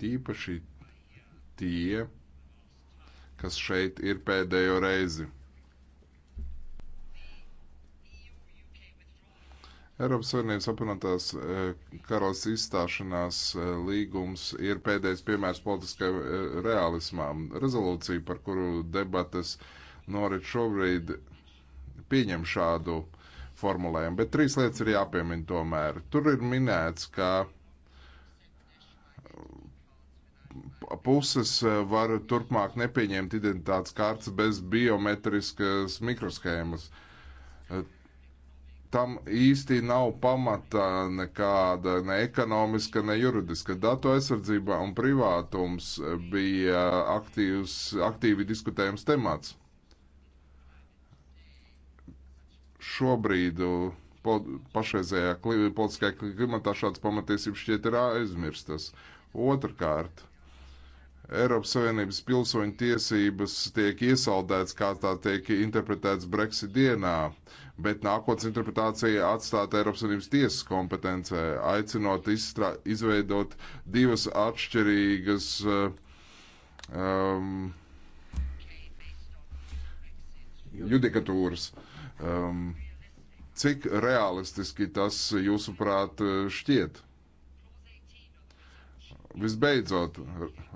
Tīpaši tie, kas šeit ir pēdējo reizi. Eiropas Savienības apvienotās eh, karalas izstāšanās eh, līgums ir pēdējais piemērs politiskai eh, realismām. Rezolūcija, par kuru debatas norit šobrīd, pieņem šādu formulējumu, bet trīs lietas ir jāpiemina tomēr. Tur ir minēts, ka puses eh, var turpmāk nepieņemt identitātes kārtas bez biometriskas mikroshēmas. Eh, tam īsti nav pamata nekāda ne ekonomiska, ne juridiska. Datu aizsardzība un privātums bija aktīvs, aktīvi diskutējams temats. Šobrīd eh, pašreizējā politiskajā klimatā šāds pamatiesības šķiet ir aizmirstas. Otrakārt, Eiropas Savienības pilsoņu tiesības tiek iesaldēts, kā tā tiek interpretēts Brexit dienā, bet nākotnes interpretācija atstāta Eiropas Savienības tiesas kompetencē, aicinot izstrā, izveidot divas atšķirīgas um, judikatūras. Um, cik realistiski tas jūsuprāt šķiet? Visbeidzot,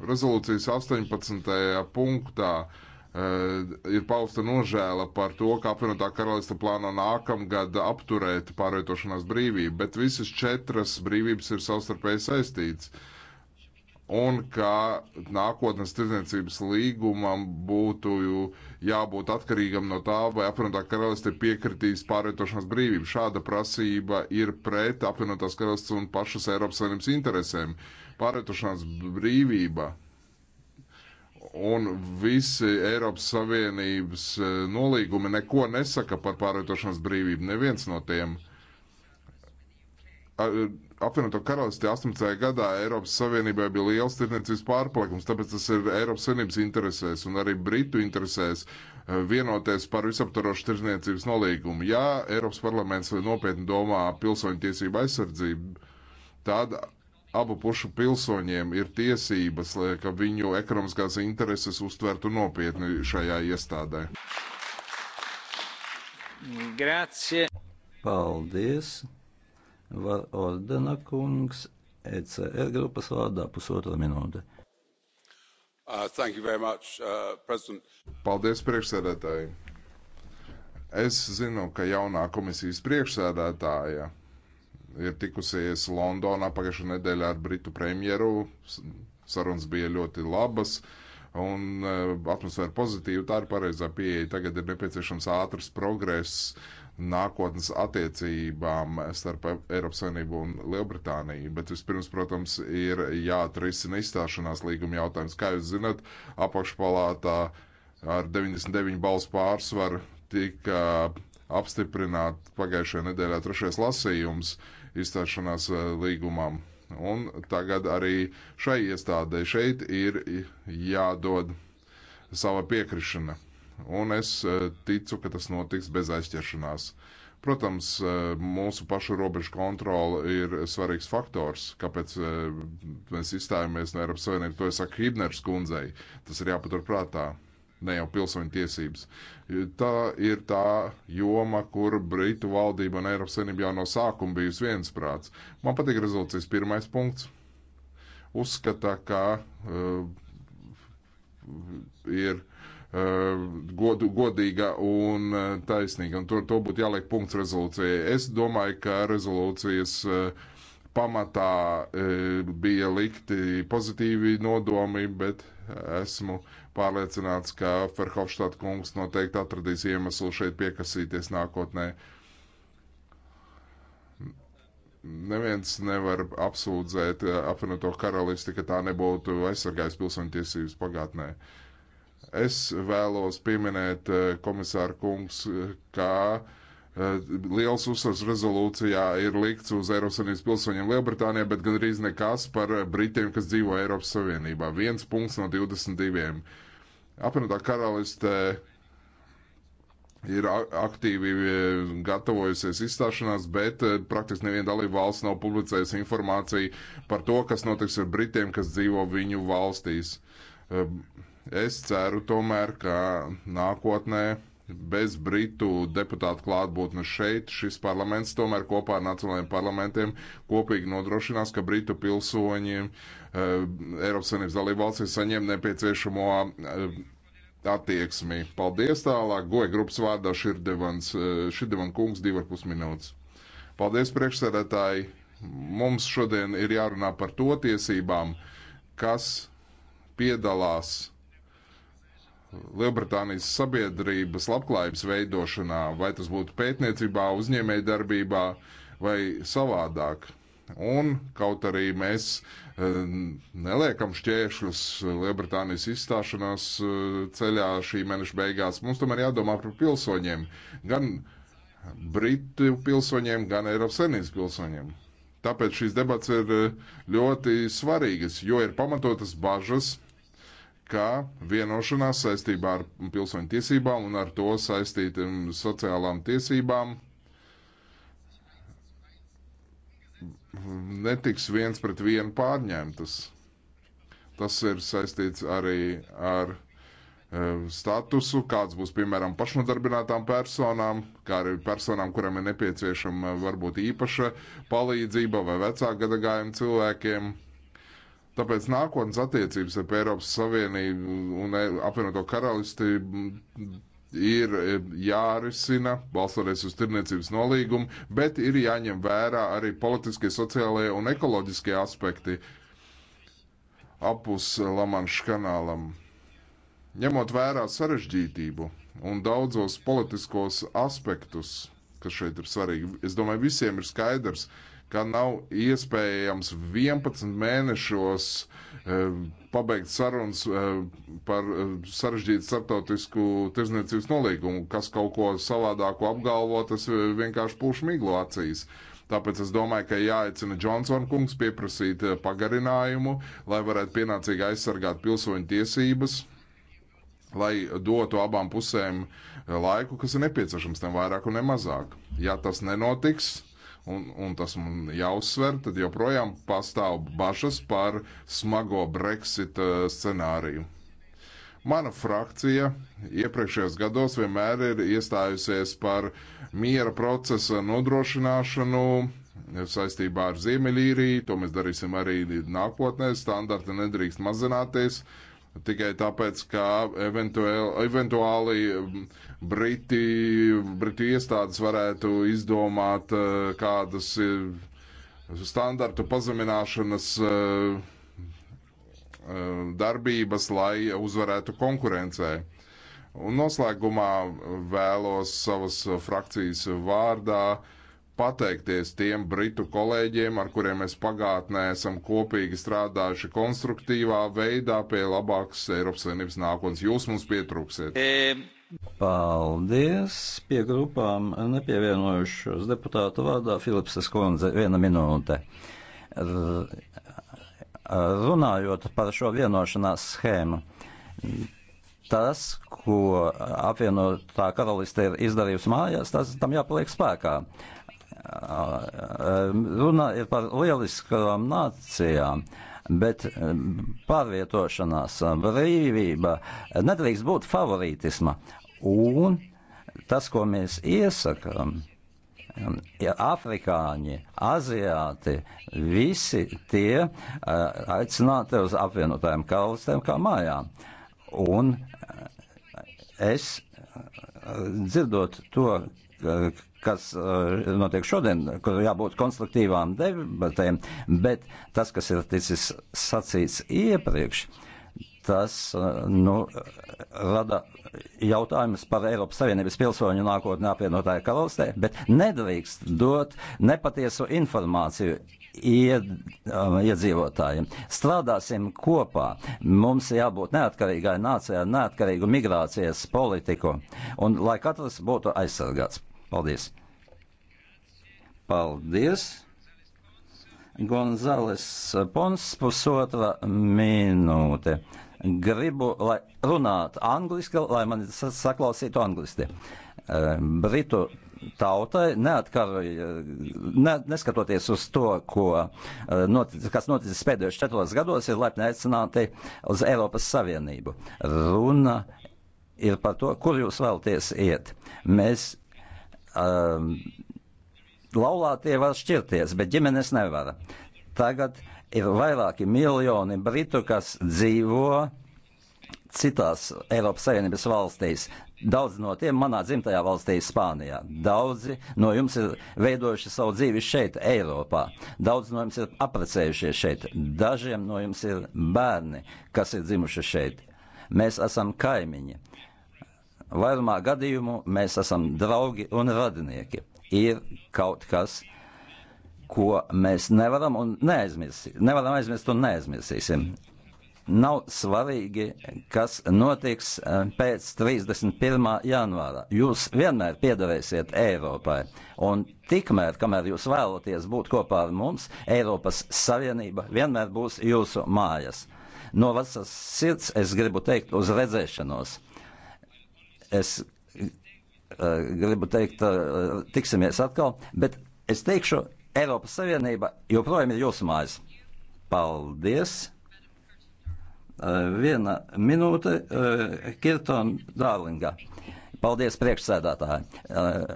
rezolūcijas 18. punktā uh, ir pausta nožēla par to, ka apvienotā karalista plāno nākamgad apturēt pārvietošanās brīvību, bet visas četras brīvības ir savstarpēji saistītas. Uh, un ka nākotnes tirdzniecības līgumam būtu jābūt atkarīgam no tā, vai apvienotā karaliste piekritīs pārvietošanās brīvību. Šāda prasība ir pret apvienotās karalistes un pašas Eiropas Savienības interesēm. Pārvietošanās brīvība un visi Eiropas Savienības eh, nolīgumi neko nesaka par pārvietošanās brīvību, neviens no tiem. E, apvienoto karalisti 18. gadā Eiropas Savienībai bija liels tirniecības pārpalikums, tāpēc tas ir Eiropas Savienības interesēs un arī Britu interesēs e, vienoties par visaptarošu tirniecības nolīgumu. Ja Eiropas parlaments nopietni domā pilsoņu tiesību aizsardzību, tad abu pušu pilsoņiem ir tiesības, lai, ka viņu ekonomiskās intereses uztvertu nopietni šajā iestādē. Grazie. Paldies. Ordena kungs, ECR grupas vārdā pusotra minūte. Uh, thank you very much, uh, President. Paldies, priekšsēdētāji. Es zinu, ka jaunā komisijas priekšsēdētāja ir tikusies Londonā pagājušajā nedēļā ar Britu premjeru. Sarunas bija ļoti labas un uh, atmosfēra pozitīva. Tā ir pareizā pieeja. Tagad ir nepieciešams ātrs progress nākotnes attiecībām starp Eiropas Savienību un Lielbritāniju. Bet vispirms, protams, ir jāatrisina izstāšanās līguma jautājums. Kā jūs zinat, apakšpalātā ar 99 balsu pārsvaru tika uh, apstiprināt pagājušajā nedēļā trešais lasījums izstāšanās uh, līgumam. Un tagad arī šai iestādē šeit ir jādod sava piekrišana un es eh, ticu, ka tas notiks bez aizķeršanās. Protams, eh, mūsu pašu robežu kontrola ir svarīgs faktors, kāpēc eh, mēs izstājāmies no Eiropas Savienības. To es saku Hibners kundzei. Tas ir jāpatur prātā. Ne jau pilsoņu tiesības. Tā ir tā joma, kur Britu valdība un Eiropas Savienība jau no sākuma bijusi viensprāts. Man patīk rezolūcijas pirmais punkts. Uzskata, ka uh, ir Eh, god, godīga un eh, taisnīga. Un to, to būtu jāliek punkts rezolūcijai. Es domāju, ka rezolūcijas eh, pamatā bija likti pozitīvi nodomi, bet esmu pārliecināts, ka Ferhofštāt kungs noteikti atradīs iemeslu šeit piekasīties nākotnē. Neviens nevar apsūdzēt apvienoto karalisti, ka tā nebūtu aizsargājusi pilsoņu tiesības pagātnē. Uh, Es vēlos pieminēt eh, komisāru kungs, kā eh, liels uzsvars rezolūcijā ir likts uz Eiropas Savienības pilsoņiem Lielbritānijā, bet gandrīz nekas par Britiem, kas dzīvo Eiropas Savienībā. Viens punkts no 22. Apvienotā karaliste ir aktīvi eh, gatavojusies izstāšanās, bet praktiski neviena dalība valsts nav publicējusi informāciju par to, kas notiks ar Britiem, kas dzīvo viņu valstīs. Uh, Es ceru tomēr, ka nākotnē bez britu deputātu klātbūtnes šeit, šis parlaments tomēr kopā ar nacionālajiem parlamentiem kopīgi nodrošinās, ka britu pilsoņi e, Eiropas Savienības dalībvalstīs saņem nepieciešamo e, attieksmi. Paldies tālāk, goja grupas vārdā Širdevans, eh, Širdevan kungs, divi ar pus minūtes. Paldies priekšsēdētāji, mums šodien ir jārunā par to tiesībām, kas piedalās Lielbritānijas sabiedrības labklājības veidošanā, vai tas būtu pētniecībā, uzņēmējdarbībā vai savādāk. Un kaut arī mēs eh, neliekam šķēršļus Lielbritānijas izstāšanās eh, ceļā šī mēneša beigās, mums tomēr jādomā par pilsoņiem, gan Britu pilsoņiem, gan Eiropas Savienības pilsoņiem. Tāpēc šīs debats ir eh, ļoti svarīgas, jo ir pamatotas bažas ka vienošanās saistībā ar pilsoņu tiesībām un ar to saistītām sociālām tiesībām netiks viens pret vienu pārņemtas. Tas ir saistīts arī ar e, statusu, kāds būs piemēram pašnodarbinātām personām, kā arī personām, kurām ir nepieciešama varbūt īpaša palīdzība vai vecāka gadagājuma cilvēkiem. Tāpēc nākotnes attiecības ar Eiropas Savienību un e- apvienoto karalisti ir e, jārisina, balstoties uz tirniecības nolīgumu, bet ir jāņem vērā arī politiskie, sociālajie un ekoloģiskie aspekti apus Lamanša kanālam. Ņemot vērā sarežģītību un daudzos politiskos aspektus, kas šeit ir svarīgi, es domāju, visiem ir skaidrs, ka ka nav iespējams 11 mēnešos eh, pabeigt sarunas eh, par eh, sarežģītu starptautisku tirzniecības nolīgumu, kas kaut ko savādāko apgalvo, tas vienkārši pūš miglu acīs. Tāpēc es domāju, ka jāicina Džonsona kungs pieprasīt pagarinājumu, lai varētu pienācīgi aizsargāt pilsoņu tiesības, lai dotu abām pusēm laiku, kas ir nepieciešams, ne vairāk un ne mazāk. Ja tas nenotiks, un, un tas man jāuzsver, tad joprojām pastāv bažas par smago Brexit uh, scenāriju. Mana frakcija iepriekšējos gados vienmēr ir iestājusies par miera procesa nodrošināšanu saistībā ar Ziemeļīriju. To mēs darīsim arī nākotnē. Standarti nedrīkst mazināties. Uh, tikai tāpēc, ka eventuāli, eventuāli mm, Briti, Britu iestādes varētu izdomāt eh, kādas eh, standartu pazemināšanas eh, darbības, lai uzvarētu konkurencē. Un noslēgumā vēlos savas frakcijas vārdā uh, pateikties tiem britu kolēģiem, ar kuriem mēs pagātnē esam kopīgi strādājuši konstruktīvā veidā pie labākas Eiropas Savienības nākotnes. Jūs mums pietrūksiet. E, Paldies! Pie grupām nepievienojušos deputātu vārdā Filipses kundze viena minūte. Runājot par šo vienošanās schēmu, tas, ko apvienotā karaliste ir izdarījusi mājās, tas tam jāpaliek spēkā. Uh, Runa ir par lieliskām nācijām bet um, pārvietošanās um, brīvība nedrīkst būt favorītisma. Un tas, ko mēs iesakām, um, ja afrikāņi, aziāti, visi tie uh, aicināti uz apvienotajām kalstēm kā mājām. Un uh, es uh, dzirdot to, kas eh, notiek šodien, kur jābūt konstruktīvām debatēm, bet tas, kas ir ticis sacīts iepriekš, tas eh, nu, rada jautājumus par Eiropas Savienības pilsoņu nākotnē apvienotāju karalistē, bet nedrīkst dot nepatiesu informāciju ied, eh, iedzīvotājiem. Strādāsim kopā. Mums jābūt neatkarīgai nācijai, neatkarīgu migrācijas politiku, un lai katrs būtu aizsargāts. Paldies! Paldies! Gonzales Pons, pusotra minūte. Gribu, lai runātu angliski, lai mani saklausītu angliski. Eh, Britu tautai, neatkaroja, ne, neskatoties uz to, ko, eh, notic, kas noticis pēdējos četros gados, ir laipni aicināti uz Eiropas Savienību. Runa ir par to, kur jūs vēlaties iet. Mēs um, laulātie var šķirties, bet ģimenes nevar. Tagad ir vairāki miljoni britu, kas dzīvo citās Eiropas Savienības valstīs. Daudz no tiem manā dzimtajā valstī, Spānijā. Daudzi no jums ir veidojuši savu dzīvi šeit, Eiropā. Daudz no jums ir aprecējušies šeit. Dažiem no jums ir bērni, kas ir dzimuši šeit. Mēs esam kaimiņi vairumā gadījumu mēs esam draugi un radinieki. Ir kaut kas, ko mēs nevaram un neaizmirsīsim. Nevaram aizmirst un neaizmirsīsim. Nav svarīgi, kas notiks eh, pēc 31. janvāra. Jūs vienmēr piedarēsiet Eiropai. Un tikmēr, kamēr jūs vēlaties būt kopā ar mums, Eiropas Savienība vienmēr būs jūsu mājas. No visas sirds es gribu teikt uz redzēšanos. Es eh, gribu teikt, eh, tiksimies atkal, bet es teikšu, Eiropas Savienība joprojām ir jūsu mājas. Paldies! Eh, viena minūte Kirtona Dārlinga. Paldies, priekšsēdētāji.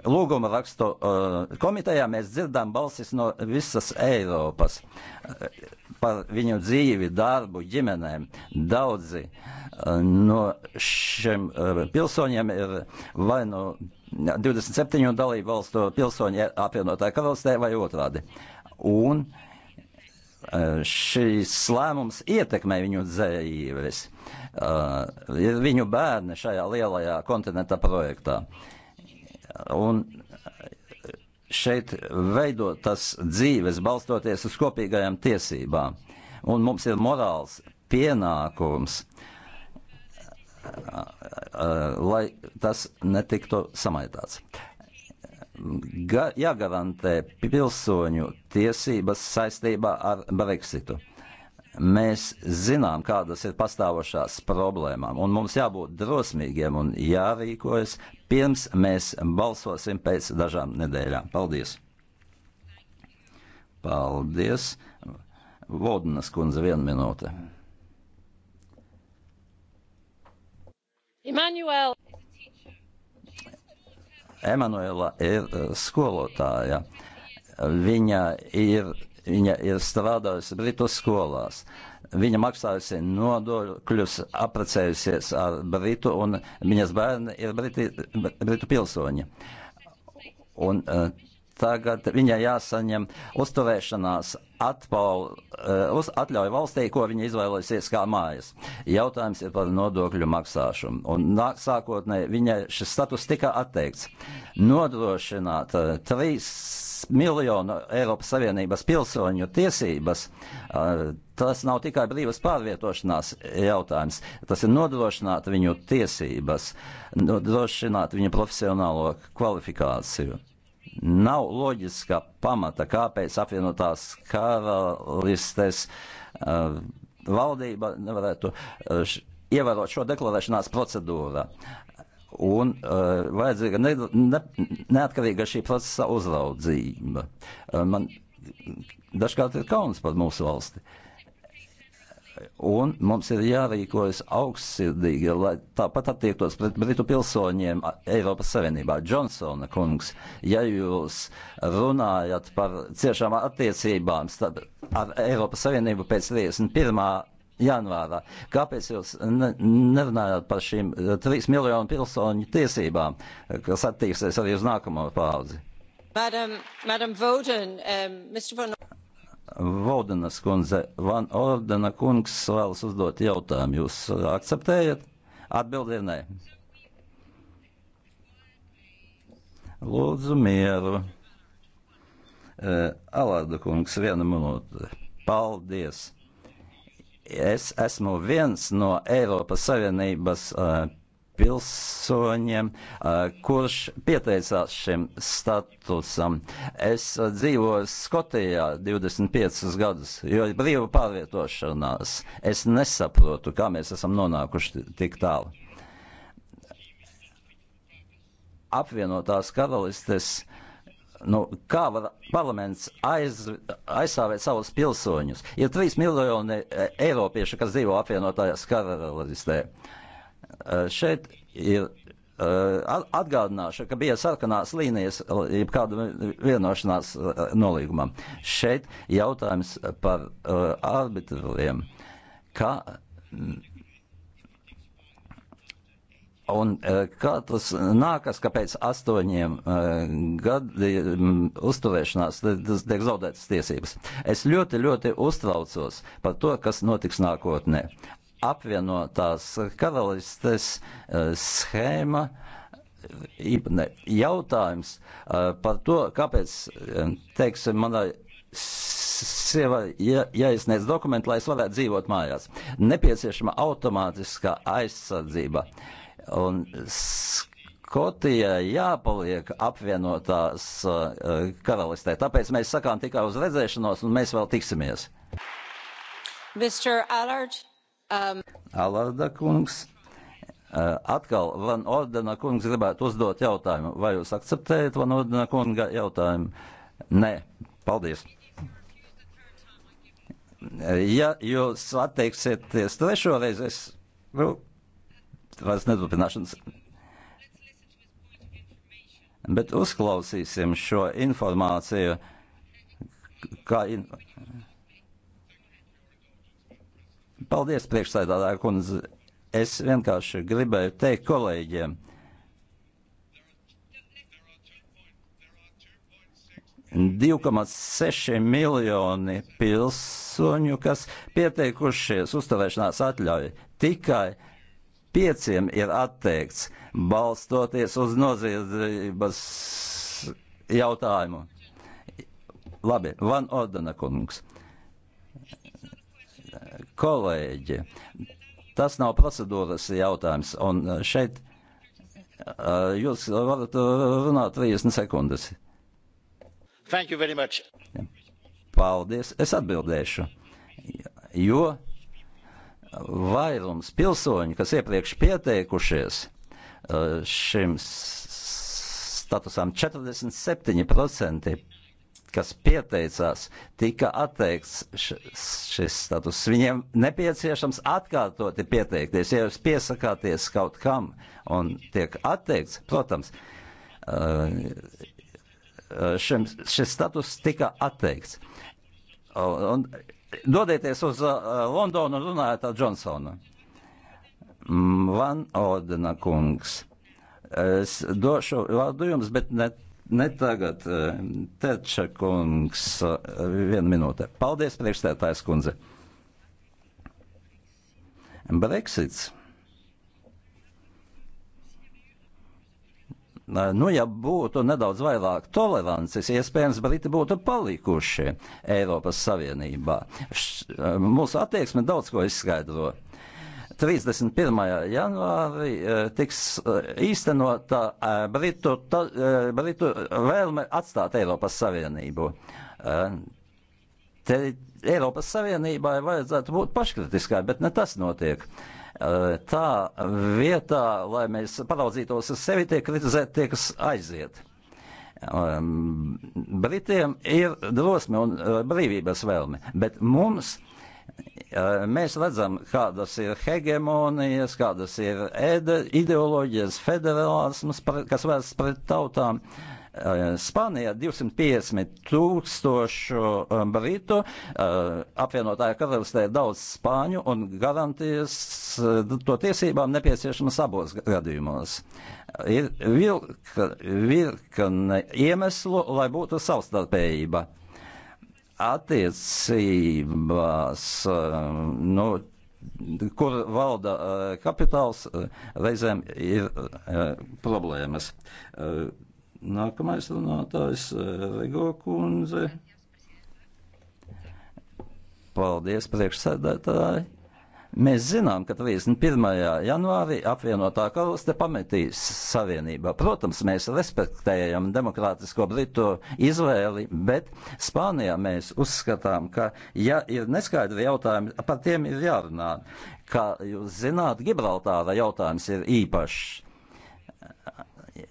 Lūguma rakstu komitejā mēs dzirdām balsis no visas Eiropas par viņu dzīvi, darbu, ģimenēm. Daudzi eh, no šiem eh, pilsoņiem ir vai no nu 27 dalību valstu pilsoņi apvienotā karalistē vai otrādi. Un eh, šīs lēmums ietekmē viņu dzīves, ir viņu bērni šajā lielajā kontinenta projektā. Un šeit veidotas dzīves balstoties uz kopīgajām tiesībām. Un mums ir morāls pienākums, lai tas netiktu samaitāts. Ga jāgarantē pilsoņu tiesības saistībā ar Brexitu. Mēs zinām, kādas ir pastāvošās problēmām, un mums jābūt drosmīgiem un jārīkojas pirms mēs balsosim pēc dažām nedēļām. Paldies! Paldies! Vodnas kundze, viena minūte. Emanuela. Emanuela ir eh, skolotāja. Viņa ir Viņa ir strādājusi Britu skolās. Viņa maksājusi nodokļus, aprecējusies ar Britu, un viņas bērni ir Briti, Britu pilsoņi. Un, uh, tagad viņai jāsaņem uzturēšanās atpau, eh, uz, atļauju valstī, ko viņa izvēlēsies kā mājas. Jautājums ir par nodokļu maksāšanu. Un nāk, sākotnēji viņai šis status tika atteikts. Nodrošināt 3 eh, miljonu Eiropas Savienības pilsoņu tiesības, eh, tas nav tikai brīvas pārvietošanās jautājums, tas ir nodrošināt viņu tiesības, nodrošināt viņu profesionālo kvalifikāciju. Nav loģiska pamata, kāpēc apvienotās karalistes uh, valdība nevarētu uh, ievērot šo deklarēšanās procedūru. Un uh, vajadzīga ne, ne, neatkarīga šī procesa uzraudzība. Uh, man dažkārt ir kauns par mūsu valsti. Uh, un mums ir jārīkojas augstsirdīgi, lai tāpat attiektos pret Britu pilsoņiem Eiropas Savienībā. Džonsona kungs, ja jūs runājat par ciešām attiecībām starp, ar Eiropas Savienību pēc 31 janvārā. Kāpēc jūs ne, nerunājat par šīm eh, trīs miljonu pilsoņu tiesībām, kas attieksies arī uz nākamo paudzi? Madam, Madam Voden, um, Mr. Von... Vaudenas kundze, Van Ordena kungs vēlas uzdot jautājumu. Jūs akceptējat? Atbildi ir nē. Lūdzu, mieru. Uh, e, Alāda kungs, viena minūte. Paldies! Es esmu viens no Eiropas Savienības uh, pilsoņiem, kurš pieteicās šim statusam. Es dzīvoju Skotijā 25 gadus, jo ir brīva pārvietošanās. Es nesaprotu, kā mēs esam nonākuši tik tālu. Apvienotās karalistes uh, nu, kā var parlaments aiz, aizstāvēt savus pilsoņus? Ir trīs miljoni e, eiropiešu, kas dzīvo apvienotājās karalistē. Uh, Eh, šeit ir eh, atgādināšu, ka bija sarkanās līnijas, jeb kāda vienošanās eh, nolīgumam. Šeit jautājums par arbitriem, kā mm, Un kā tas nākas, ka pēc astoņiem gadiem uzturēšanās tiek zaudētas tiesības? Es ļoti, ļoti uztraucos par to, kas notiks nākotnē apvienotās karalistes eh, schēma īpatnē jautājums eh, par to, kāpēc, eh, teiksim, manai sieva ja, jāizsniedz dokumenti, lai es varētu dzīvot mājās. Nepieciešama automātiskā aizsardzība. Un Skotijai jāpaliek apvienotās uh, karalistē. Tāpēc mēs sakām tikai uz redzēšanos, un mēs vēl tiksimies. Mr. Allard. Um... Alarda kungs. Uh, atkal Van Ordena kungs gribētu uzdot jautājumu. Vai jūs akceptējat Van Ordena kunga jautājumu? Nē, paldies. Ja jūs atteiksieties trešo reizi, es nu, vairs neturpināšanas. Bet uzklausīsim šo informāciju, kā. In Paldies, priekšsēdētāja kundze. Es vienkārši gribēju teikt kolēģiem. miljoni pilsoņu, kas pieteikušies uzturēšanās atļauju. Tikai pieciem ir atteikts, balstoties uz noziedzības jautājumu. Labi, Van Ordena kungs kolēģi, tas nav procedūras jautājums, un šeit jūs varat runāt 30 sekundes. Thank you very much. Paldies, es atbildēšu. Jo vairums pilsoņu, kas iepriekš pieteikušies šim statusam, 47% kas pieteicās, tika atteikts šis status. Viņiem nepieciešams atkārtoti pieteikties. Ja jūs piesakāties kaut kam un tiek atteikts, protams, šim, šis status tika atteikts. Un dodieties uz Londonu un runājiet ar Džonsonu. Mm, Van Ordena kungs. Es došu vārdu jums, bet ne Ne tagad, eh, Teča kungs, eh, viena minūte. Paldies, priekšstētājs kundze. Brexits. Eh, nu, ja būtu nedaudz vairāk tolerances, iespējams, Briti būtu palikuši Eiropas Savienībā. Š, mūsu attieksme daudz ko izskaidro. 31. janvārī eh, tiks eh, īstenota eh, Britu, to, Britu vēlme atstāt Eiropas Savienību. Te Eiropas Savienībai vajadzētu būt paškritiskai, bet ne tas notiek. Tā vietā, lai mēs paraudzītos uz sevi, tiek kritizēti tie, kas aiziet. Ehm, Britiem ir drosme un brīvības vēlme, bet mums uh, Eh, mēs redzam, kādas ir hegemonijas, kādas ir ideoloģijas, federālisms, kas vērsts pret tautām. Eh, Spānijā 250 tūkstošu eh, britu, apvienotāja karalistē daudz spāņu un garantijas to tiesībām nepieciešamas abos gadījumos. Ir virkne iemeslu, lai būtu savstarpējība attiecībās, eh, nu, kur valda eh, kapitāls, eh, reizēm ir problēmas. Nākamais runātājs - Rigo kundze. Paldies, priekšsēdētāji! Mēs zinām, ka 31. janvārī apvienotā karaliste pametīs savienībā. Protams, mēs respektējam demokrātisko Britu izvēli, bet Spānijā mēs uzskatām, ka, ja ir neskaidri jautājumi, par tiem ir jārunā. Kā jūs zināt, Gibraltāra jautājums ir īpašs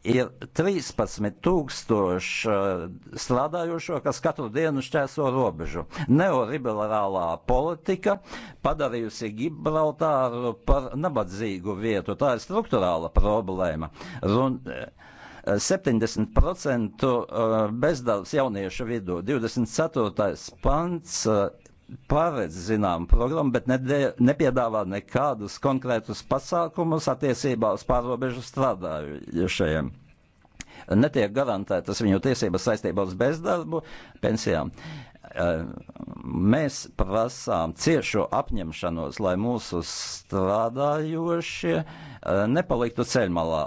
ir 13,000 eh, strādājošo, kas katru dienu šķērso robežu. Neoliberālā politika padarījusi Gibraltāru par nabadzīgu vietu. Tā ir struktūrāla problēma. Run 70% eh, eh, bezdarbs jauniešu vidū. 24. pants paredz zinām programmu, bet ne, nepiedāvā nekādus konkrētus pasākumus attiecībā uz pārobežu strādājušajiem. Netiek garantētas viņu tiesības saistībā uz bezdarbu, pensijām. E, mēs prasām ciešu apņemšanos, lai mūsu strādājošie e, nepaliktu ceļmalā.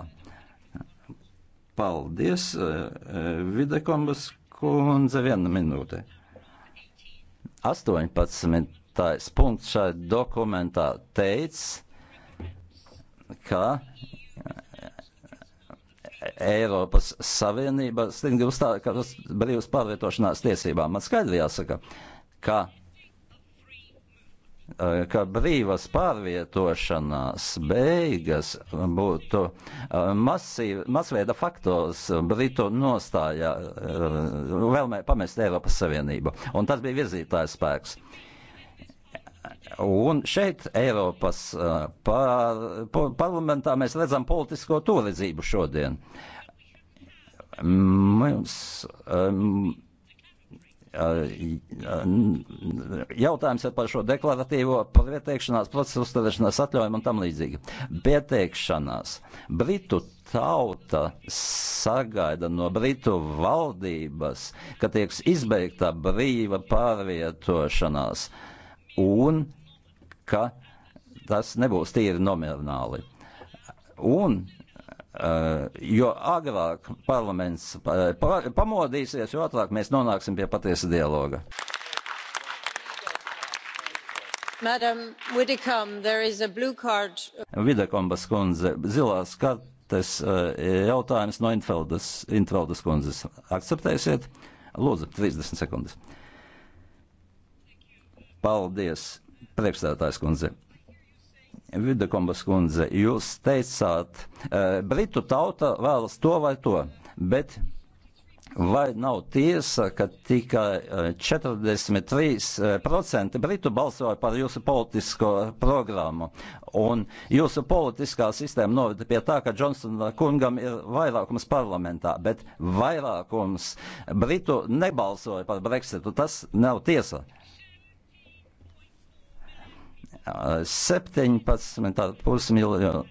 Paldies, e, Videkombas kundze, viena minūte. 18. punkts šai dokumentā teica, ka Eiropas Savienība stingri uzstāv brīvas pārvietošanās tiesībām. Man skaidri jāsaka, ka Eh, ka brīvas pārvietošanās beigas būtu eh, masīv, masveida faktors Britu nostājā eh, vēlmē pamest Eiropas Savienību. Un tas bija virzītājs spēks. Un šeit Eiropas par, par, parlamentā mēs redzam politisko turidzību šodien. Mums, um, jautājums ir par šo deklaratīvo pieteikšanās procesu uzturēšanās atļaujumu un tam līdzīgi. Pieteikšanās. Britu tauta sagaida no Britu valdības, ka tieks izbeigta brīva pārvietošanās un ka tas nebūs tīri nomināli. Un Eh, jo agrāk parlaments eh, pamodīsies, jo ātrāk mēs nonāksim pie patiesa dialoga. Videkombas kundze, zilās kartes eh, jautājums no Infeldas, Infeldas kundzes. Akceptēsiet? Lūdzu, 30 sekundes. Paldies, priekšstādātājs kundze. Vidakombas kundze, jūs teicāt, e, Britu tauta vēlas to vai to, bet vai nav tiesa, ka tikai 43% e, e, Britu balsoja par jūsu politisko programmu, un jūsu politiskā sistēma noveda pie tā, ka Johnsona kungam ir vairākums parlamentā, bet vairākums Britu nebalsoja par Brexitu, tas nav tiesa. 17,5 miljonu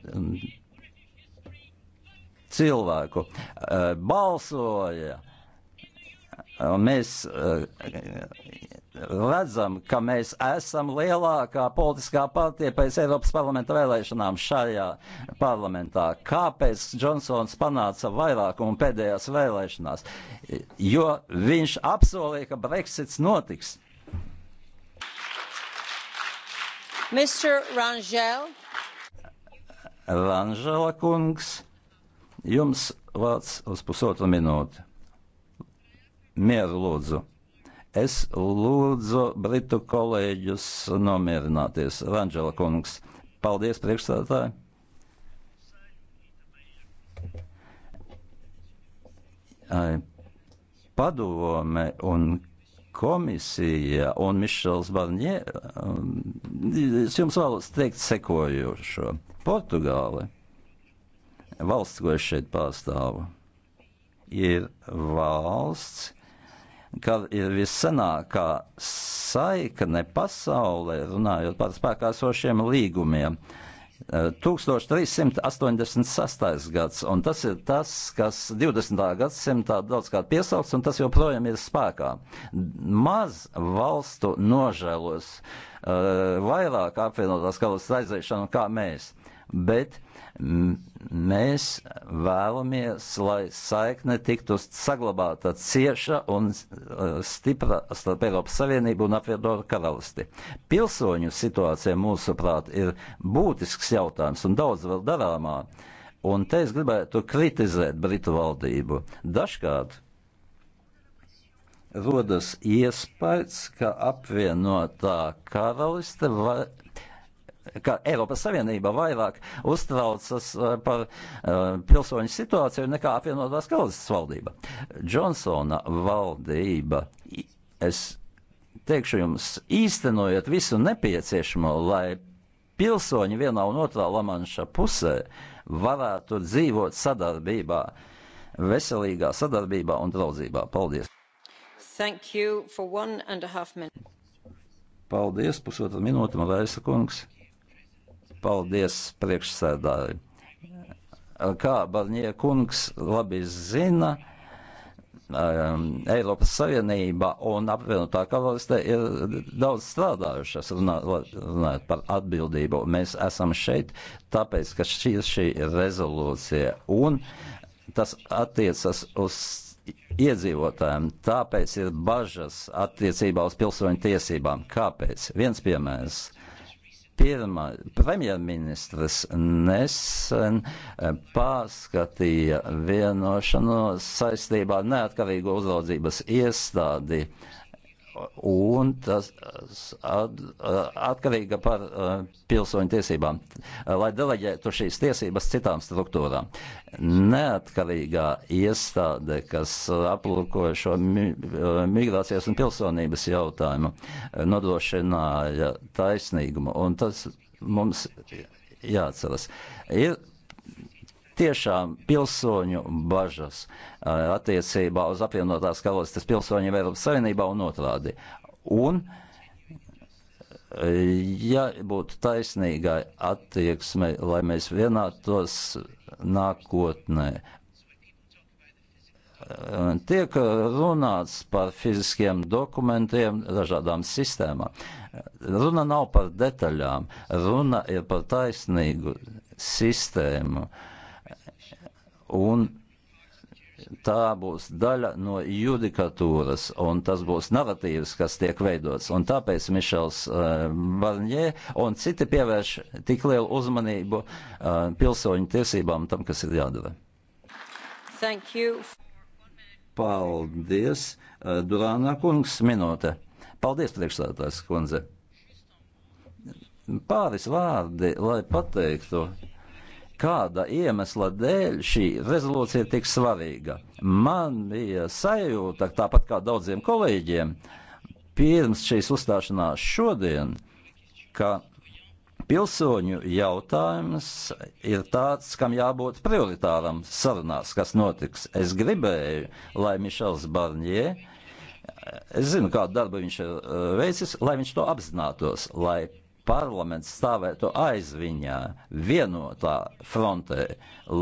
cilvēku eh, balsoja. Mēs eh, redzam, ka mēs esam lielākā politiskā partija pēc Eiropas parlamenta vēlēšanām šajā parlamentā. Kāpēc Džonsons panāca vairākumu pēdējās vēlēšanās? Jo viņš apsolīja, ka Brexits notiks. Mr. Rangel. Ranžela kungs, jums vārds uz pusotru minūti. Mieru lūdzu. Es lūdzu britu kolēģus nomierināties. Ranžela kungs, paldies priekšstādātāji. Padome un komisija un Mišels Barņē, um, es jums vēlos teikt sekojošo. Portugāle, valsts, ko es šeit pārstāvu, ir valsts, kad ir viscenākā saikne pasaulē, runājot par spēkā sošiem līgumiem. Uh, 1386. gads, un tas ir tas, kas 20. gadsimtā daudzkārt piesaucts, un tas joprojām ir spēkā. Maz valstu nožēlos uh, vairāk apvienotās kalas aiziešanu kā mēs, bet Mēs vēlamies, lai saikne tiktu saglabāta cieša un eh, stipra starp Eiropas Savienību un apvienotu karalisti. Pilsoņu situācija, mūsuprāt, ir būtisks jautājums un daudz vēl darāmā. Un te es gribētu kritizēt Britu valdību. Dažkārt rodas iespējas, ka apvienotā karaliste var, ka Eiropas Savienība vairāk uztraucas eh, par eh, pilsoņu situāciju nekā apvienotās karalistas valdība. Džonsona valdība, es teikšu jums, īstenojot visu nepieciešamo, lai pilsoņi vienā un otrā Lamanša pusē varētu dzīvot sadarbībā, veselīgā sadarbībā un draudzībā. Paldies! Thank you for one and a half minute. Paldies, pusotra minūte, Marēsa kungs. Paldies priekšsēdāji. Kā Barņie kungs labi zina, um, Eiropas Savienība un apvienotā karaliste ir daudz strādājušas, runājot runā par atbildību. Mēs esam šeit, tāpēc, ka šī ir šī rezolūcija un tas attiecas uz iedzīvotājiem. Tāpēc ir bažas attiecībā uz pilsoņu tiesībām. Kāpēc? Viens piemērs. Pirmā premjerministrs nesen eh, pārskatīja vienošanos saistībā ar neatkarīgo uzraudzības iestādi un tas at, atkarīga par pilsoņu tiesībām, lai deleģētu šīs tiesības citām struktūrām. Neatkarīgā iestāde, kas aplūkoja šo mi migrācijas un pilsonības jautājumu, nodrošināja taisnīgumu, un tas mums jāatceras. Ir tiešām pilsoņu bažas attiecībā uz apvienotās karalistes pilsoņiem Eiropas Savienībā un otrādi. Un ja būtu taisnīgai attieksme, lai mēs vienātos nākotnē. Tiek runāts par fiziskiem dokumentiem, dažādām sistēmām. Runa nav par detaļām, runa ir par taisnīgu sistēmu. Uh, un tā būs daļa no judikatūras, un tas būs narratīvs, kas tiek veidots. Un tāpēc Mišels eh, Barņē uh, un citi pievērš tik lielu uzmanību uh, pilsoņu tiesībām tam, kas ir jādara. Paldies, uh, Durāna kungs, minūte. Paldies, priekšstādātājs kundze. Pāris vārdi, lai pateiktu kāda iemesla dēļ šī rezolūcija ir tik svarīga. Man bija sajūta, tāpat kā daudziem kolēģiem, pirms šīs uzstāšanās šodien, ka pilsoņu jautājums ir tāds, kam jābūt prioritāram sarunās, kas notiks. Es gribēju, lai Mišels Barņē, es zinu, kādu darbu viņš ir uh, veicis, lai viņš to apzinātos, lai parlaments stāvētu aiz viņā, vienotā frontē,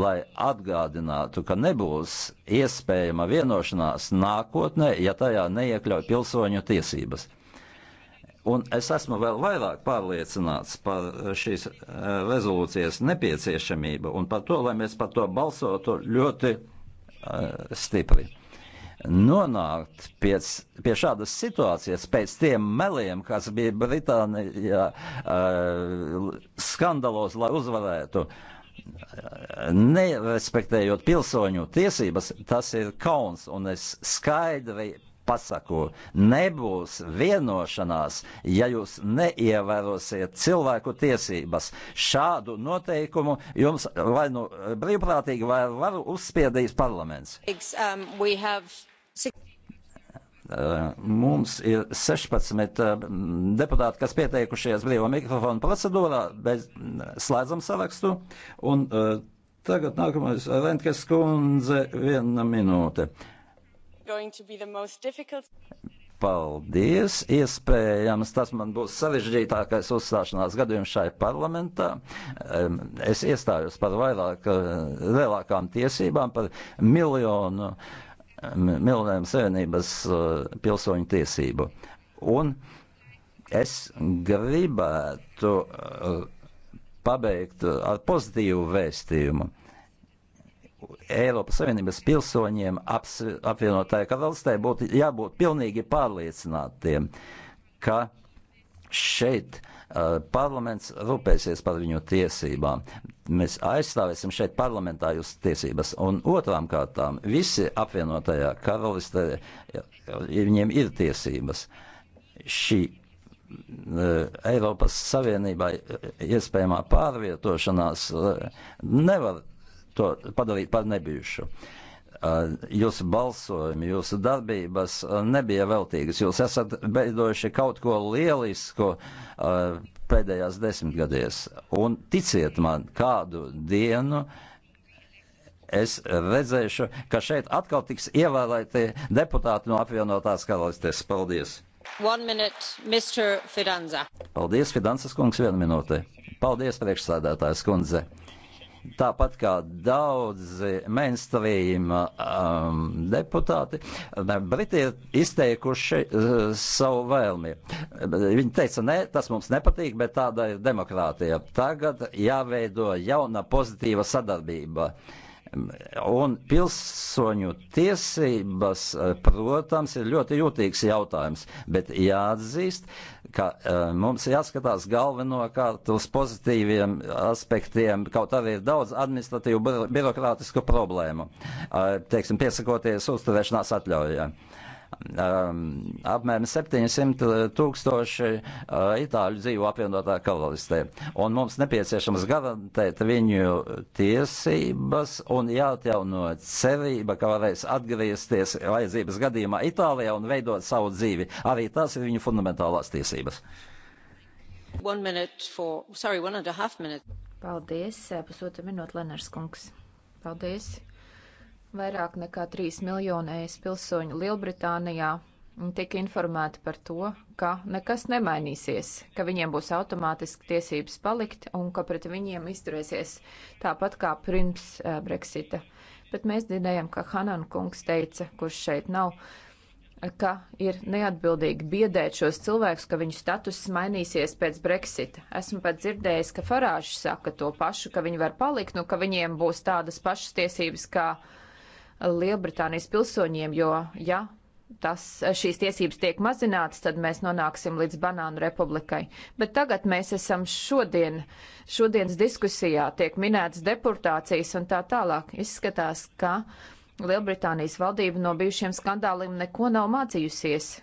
lai atgādinātu, ka nebūs iespējama vienošanās nākotnē, ja tajā neiekļauj pilsoņu tiesības. Un es esmu vēl vairāk pārliecināts par šīs eh, rezolūcijas nepieciešamību un par to, lai mēs par to balsotu ļoti uh, stipri nonākt pie, pie šādas situācijas, pēc tiem meliem, kas bija Britānijā uh, skandalos, lai uzvarētu. Nerespektējot pilsoņu tiesības, tas ir kauns, un es skaidri pasaku, nebūs vienošanās, ja jūs neievērosiet cilvēku tiesības. Šādu noteikumu jums vai nu brīvprātīgi vai varu uzspiedīs parlaments. Um, uh, mums ir 16 uh, deputāti, kas pieteikušies brīvā mikrofona procedūrā, bet slēdzam sarakstu. Un, uh, Tagad nākamais Rentges kundze, viena minūte. Uh, Paldies! Iespējams, tas man būs sarežģītākais uzstāšanās gadījums šai parlamentā. Es iestājos par vairāk, eh, lielākām tiesībām, par miljonu, miljoniem savienības eh, pilsoņu tiesību. Un es gribētu eh, pabeigt ar pozitīvu vēstījumu Eiropas Savienības pilsoņiem apvienotāja karalistē būtu jābūt pilnīgi pārliecinātiem, ka šeit uh, parlaments rūpēsies par viņu tiesībām. Mēs aizstāvēsim šeit parlamentā jūs tiesības. Un otrām kārtām visi apvienotajā karalistē, viņiem ir tiesības. Šī Eiropas Savienībai iespējamā pārvietošanās nevar to padarīt par nebijušu. Uh, jūsu balsojumi, jūsu darbības uh, nebija veltīgas. Jūs esat beidojuši kaut ko lielisku uh, pēdējās desmitgadēs. Un ticiet man, kādu dienu es redzēšu, ka šeit atkal tiks ievēlēti deputāti no apvienotās karalistes. Paldies! Minute, Paldies, Fidanses kungs, vienu minūti. Paldies, priekšsādātājs kundze tāpat kā daudzi mainstream um, deputāti, Briti ir izteikuši uh, savu vēlmi. Viņi teica, nē, tas mums nepatīk, bet tāda ir demokrātija. Tagad jāveido jauna pozitīva sadarbība. Un pilsoņu tiesības, uh, protams, ir ļoti jūtīgs jautājums, bet jāatzīst, ka e, mums jāskatās galvenokārt uz pozitīviem aspektiem, kaut arī ir daudz administratīvu birokrātisku problēmu, e, teiksim, piesakoties uzturēšanās atļaujai um, apmēram 700 tūkstoši uh, itāļu dzīvo apvienotā karalistē. Un mums nepieciešams garantēt viņu tiesības un jāatjauno cerība, ka varēs atgriezties vajadzības gadījumā Itālijā un veidot savu dzīvi. Arī tās ir viņu fundamentālās tiesības. For, sorry, Paldies, uh, pusotra minūte, Lenārs Kungs. Paldies. Vairāk nekā 3 miljoni es pilsoņu Lielbritānijā tika informēti par to, ka nekas nemainīsies, ka viņiem būs automātiski tiesības palikt un ka pret viņiem izturēsies tāpat kā pirms eh, Brexita. Bet mēs dzirdējām, ka Hanan kungs teica, kurš šeit nav, ka ir neatbildīgi biedēt šos cilvēkus, ka viņu status mainīsies pēc Brexita. Esmu pat dzirdējis, ka Farāžs saka to pašu, ka viņi var palikt, nu ka viņiem būs tādas pašas tiesības kā. Ka Lielbritānijas pilsoņiem, jo, ja tas, šīs tiesības tiek mazinātas, tad mēs nonāksim līdz banānu republikai. Bet tagad mēs esam šodien, šodienas diskusijā tiek minētas deportācijas un tā tālāk. Izskatās, ka Lielbritānijas valdība no bijušiem skandāliem neko nav mācījusies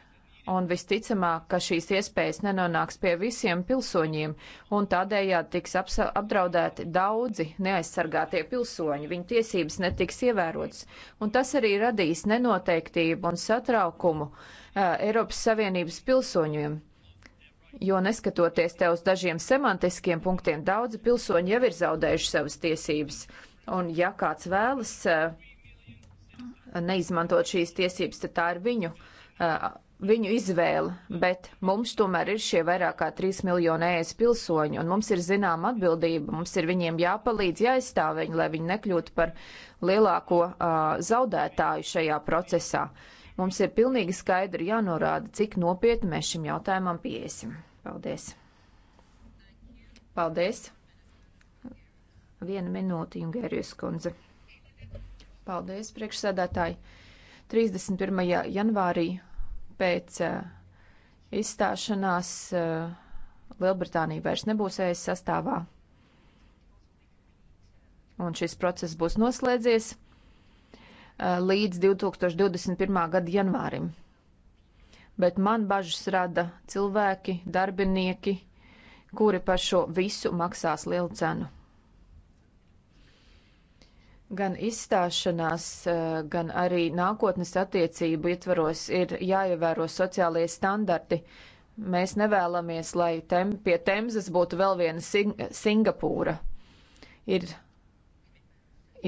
un visticamāk, ka šīs iespējas nenonāks pie visiem pilsoņiem, un tādējādi tiks apdraudēti daudzi neaizsargātie pilsoņi, viņu tiesības netiks ievērotas, un tas arī radīs nenoteiktību un satraukumu uh, Eiropas Savienības pilsoņiem. Jo neskatoties te uz dažiem semantiskiem punktiem, daudzi pilsoņi jau ir zaudējuši savas tiesības, un ja kāds vēlas uh, neizmantot šīs tiesības, tad tā ir viņu. Uh, viņu izvēle, bet mums tomēr ir šie vairāk kā 3 miljoni ES pilsoņi, un mums ir zinām atbildība, mums ir viņiem jāpalīdz, jāizstāv viņi, lai viņi nekļūtu par lielāko uh, zaudētāju šajā procesā. Mums ir pilnīgi skaidri jānorāda, cik nopietni mēs šim jautājumam piesim. Paldies! Paldies! Viena minūte, Jungērijas kundze. Paldies, priekšsēdētāji! 31. janvārī pēc eh, izstāšanās eh, Lielbritānija vairs nebūs ES sastāvā. Un šis process būs noslēdzies eh, līdz 2021. gada janvārim. Bet man bažas rada cilvēki, darbinieki, kuri par šo visu maksās lielu cenu gan izstāšanās, eh, gan arī nākotnes attiecību ietvaros ir jāievēro sociālie standarti. Mēs nevēlamies, lai tem, pie Temzas būtu vēl viena Sing Singapūra. Ir,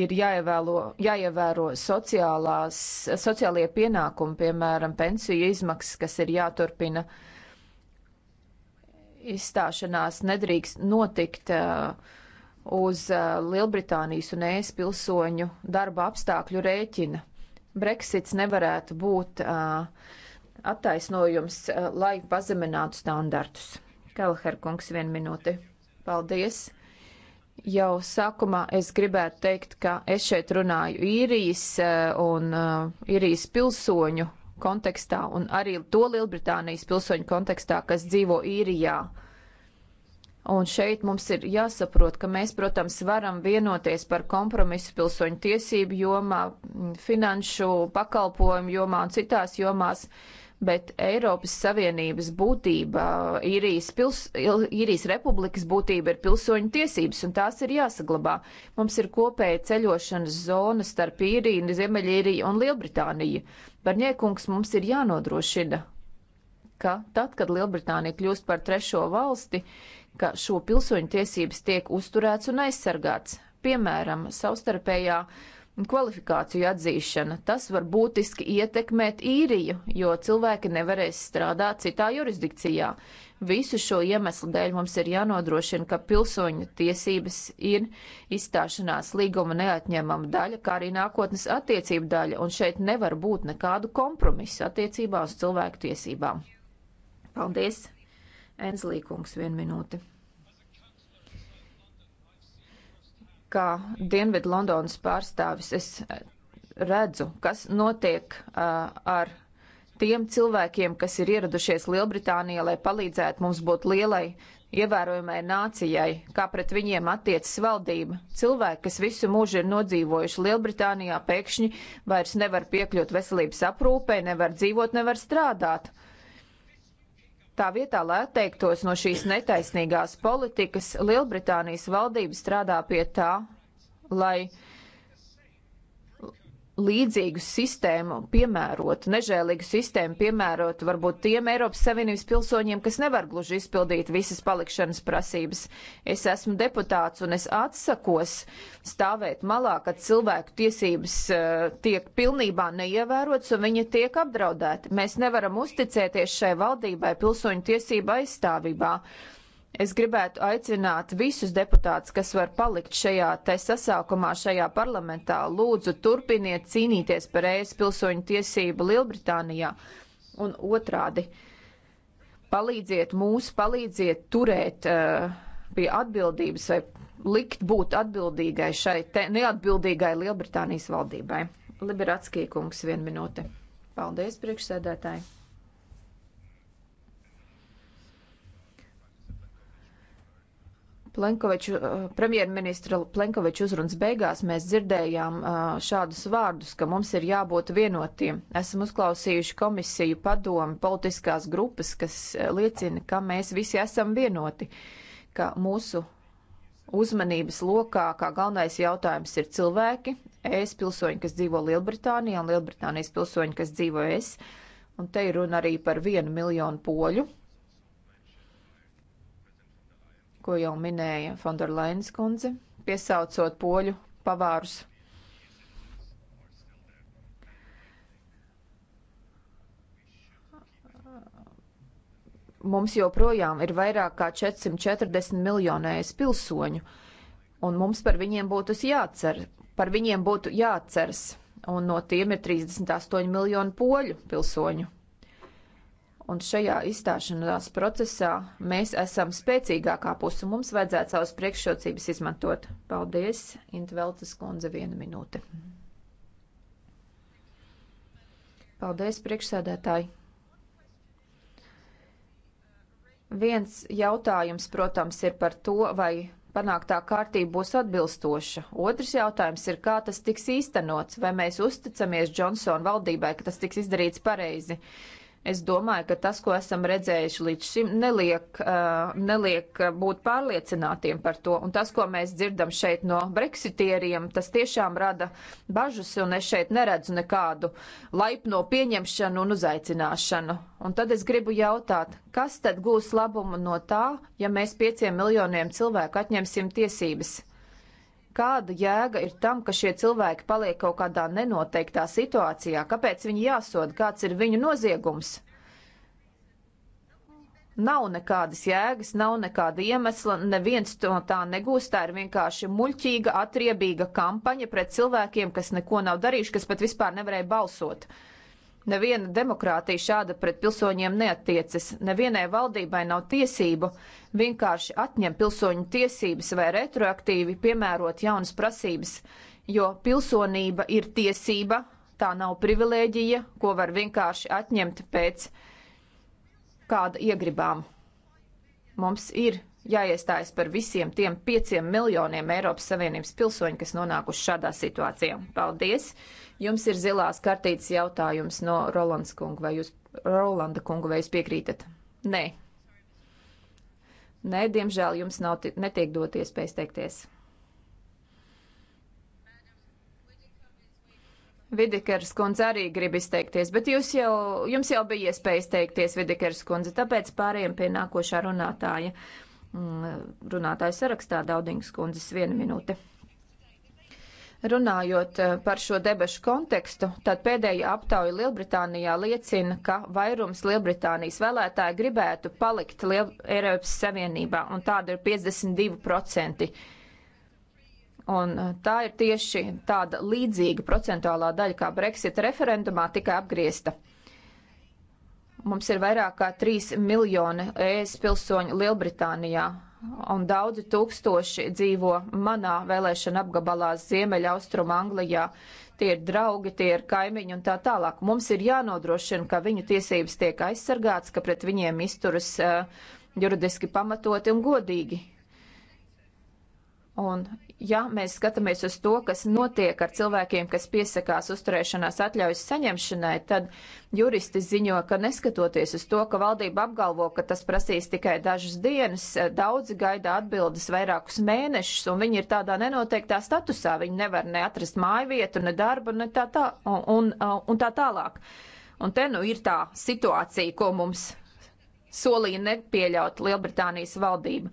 ir jāievēlo, jāievēro sociālās, sociālie pienākumi, piemēram, pensiju izmaksas, kas ir jāturpina. Izstāšanās nedrīkst notikt uh, uz uh, Lielbritānijas un ES pilsoņu darba apstākļu rēķina. Brexits nevarētu būt uh, attaisnojums, uh, lai pazeminātu standartus. Kelher kungs, vien minūti. Paldies! Jau sākumā es gribētu teikt, ka es šeit runāju īrijas uh, un uh, īrijas pilsoņu kontekstā un arī to Lielbritānijas pilsoņu kontekstā, kas dzīvo īrijā. Uh, Un šeit mums ir jāsaprot, ka mēs, protams, varam vienoties par kompromisu pilsoņu tiesību jomā, finanšu pakalpojumu jomā un citās jomās, bet Eiropas Savienības būtība, īrijas, pils, īrijas republikas būtība ir pilsoņu tiesības, un tās ir jāsaglabā. Mums ir kopēja ceļošanas zona starp īriju, Ziemeļīriju un Lielbritāniju. Barņiekungs mums ir jānodrošina, ka tad, kad Lielbritānija kļūst par trešo valsti, ka šo pilsoņu tiesības tiek uzturēts un aizsargāts. Piemēram, savstarpējā kvalifikāciju atzīšana. Tas var būtiski ietekmēt īriju, jo cilvēki nevarēs strādāt citā jurisdikcijā. Visu šo iemeslu dēļ mums ir jānodrošina, ka pilsoņu tiesības ir izstāšanās līguma neatņemama daļa, kā arī nākotnes attiecību daļa, un šeit nevar būt nekādu kompromisu attiecībā uz cilvēku tiesībām. Paldies! Enzlīkungs vien minūte. Kā Dienvidu Londonas pārstāvis es redzu, kas notiek uh, ar tiem cilvēkiem, kas ir ieradušies Lielbritānijā, lai palīdzētu mums būt lielai ievērojamai nācijai, kā pret viņiem attiecas valdība. Cilvēki, kas visu mūžu ir nodzīvojuši Lielbritānijā, pēkšņi vairs nevar piekļūt veselības aprūpē, nevar dzīvot, nevar strādāt. Uh, Tā vietā, lai atteiktos no šīs netaisnīgās politikas, Lielbritānijas valdība strādā pie tā, lai uh, līdzīgu sistēmu piemērot, nežēlīgu sistēmu piemērot varbūt tiem Eiropas Savienības pilsoņiem, kas nevar gluži izpildīt visas palikšanas prasības. Es esmu deputāts un es atsakos stāvēt malā, kad cilvēku tiesības uh, tiek pilnībā neievērotas un viņa tiek apdraudēta. Mēs nevaram uzticēties šai valdībai pilsoņu tiesību aizstāvībā. Uh, Es gribētu aicināt visus deputātus, kas var palikt šajā te sasaukumā, šajā parlamentā, lūdzu turpiniet cīnīties par ES pilsoņu tiesību Lielbritānijā un otrādi. Palīdziet mūs, palīdziet turēt uh, pie atbildības vai likt būt atbildīgai šai te neatbildīgai Lielbritānijas valdībai. Liberatskī kungs, viena minūte. Paldies, priekšsēdētāji! Plenkoviču, eh, premjerministra Plenkoviča uzrunas beigās mēs dzirdējām eh, šādus vārdus, ka mums ir jābūt vienotiem. Esam uzklausījuši komisiju padomu politiskās grupas, kas eh, liecina, ka mēs visi esam vienoti, ka mūsu uzmanības lokā kā galvenais jautājums ir cilvēki, es pilsoņi, kas dzīvo Lielbritānijā un Lielbritānijas pilsoņi, kas dzīvo es. Un te ir runa arī par vienu miljonu poļu, ko jau minēja Fonderlainas kundze, piesaucot poļu pavārus. Mums joprojām ir vairāk kā 440 miljonējas pilsoņu, un mums par viņiem būtu jācer, par viņiem būtu jāceras, un no tiem ir 38 miljoni poļu pilsoņu. Un šajā izstāšanās procesā mēs esam spēcīgākā puse, un mums vajadzētu savas priekšrocības izmantot. Paldies, Intveltas kundze, viena minūte. Paldies, priekšsēdētāji. Viens jautājums, protams, ir par to, vai panāktā kārtība būs atbilstoša. Otrs jautājums ir, kā tas tiks īstenots, vai mēs uzticamies Džonsona valdībai, ka tas tiks izdarīts pareizi. Uh, Es domāju, ka tas, ko esam redzējuši līdz šim, neliek, uh, neliek būt pārliecinātiem par to. Un tas, ko mēs dzirdam šeit no breksitieriem, tas tiešām rada bažas, un es šeit neredzu nekādu laipno pieņemšanu un uzaicināšanu. Un tad es gribu jautāt, kas tad gūs labumu no tā, ja mēs pieciem miljoniem cilvēku atņemsim tiesības? Kāda jēga ir tam, ka šie cilvēki paliek kaut kādā nenoteiktā situācijā? Kāpēc viņi jāsoda? Kāds ir viņu noziegums? Nav nekādas jēgas, nav nekāda iemesla, neviens to tā negūst. Tā ir vienkārši muļķīga, atriebīga kampaņa pret cilvēkiem, kas neko nav darījuši, kas pat vispār nevarēja balsot. Uh, Neviena demokrātija šāda pret pilsoņiem neatiecas. Nevienai valdībai nav tiesību vienkārši atņemt pilsoņu tiesības vai retroaktīvi piemērot jaunas prasības, jo pilsonība ir tiesība, tā nav privilēģija, ko var vienkārši atņemt pēc kāda iegribām. Mums ir jāiestājas par visiem tiem pieciem miljoniem Eiropas Savienības pilsoņu, kas nonākuši šādā situācijā. Paldies! Jums ir zilās kartītes jautājums no Rolanda kunga, vai jūs, Rolanda kunga, vai jūs piekrītat? Nē. Nē, diemžēl jums nav, netiek dot iespējas teikties. Vidikers kundze arī grib izteikties, bet jūs jau, jums jau bija iespēja izteikties, Vidikers kundze, tāpēc pārējiem pie nākošā runātāja. Mm, runātāja sarakstā Daudings kundzes viena minūte. Runājot eh, par šo debašu kontekstu, tad pēdējā aptauja Lielbritānijā liecina, ka vairums Lielbritānijas vēlētāji gribētu palikt Liel Eiropas Savienībā, un tāda ir 52%. Un eh, tā ir tieši tāda līdzīga procentuālā daļa kā Brexit referendumā, tikai apgriezta. Mums ir vairāk kā 3 miljoni ES pilsoņu Lielbritānijā, un daudzi tūkstoši dzīvo manā vēlēšana apgabalā Ziemeļaustrum Anglijā. Tie ir draugi, tie ir kaimiņi un tā tālāk. Mums ir jānodrošina, ka viņu tiesības tiek aizsargāts, ka pret viņiem izturas uh, juridiski pamatoti un godīgi. Un ja mēs skatāmies uz to, kas notiek ar cilvēkiem, kas piesakās uzturēšanās atļaujas saņemšanai, tad juristi ziņo, ka neskatoties uz to, ka valdība apgalvo, ka tas prasīs tikai dažas dienas, daudzi gaida atbildes vairākus mēnešus, un viņi ir tādā nenoteiktā statusā. Viņi nevar neatrast māju vietu, ne darbu, ne tā, tā, un, un, un tā tālāk. Un te nu ir tā situācija, ko mums solīja nepieļaut Lielbritānijas valdība.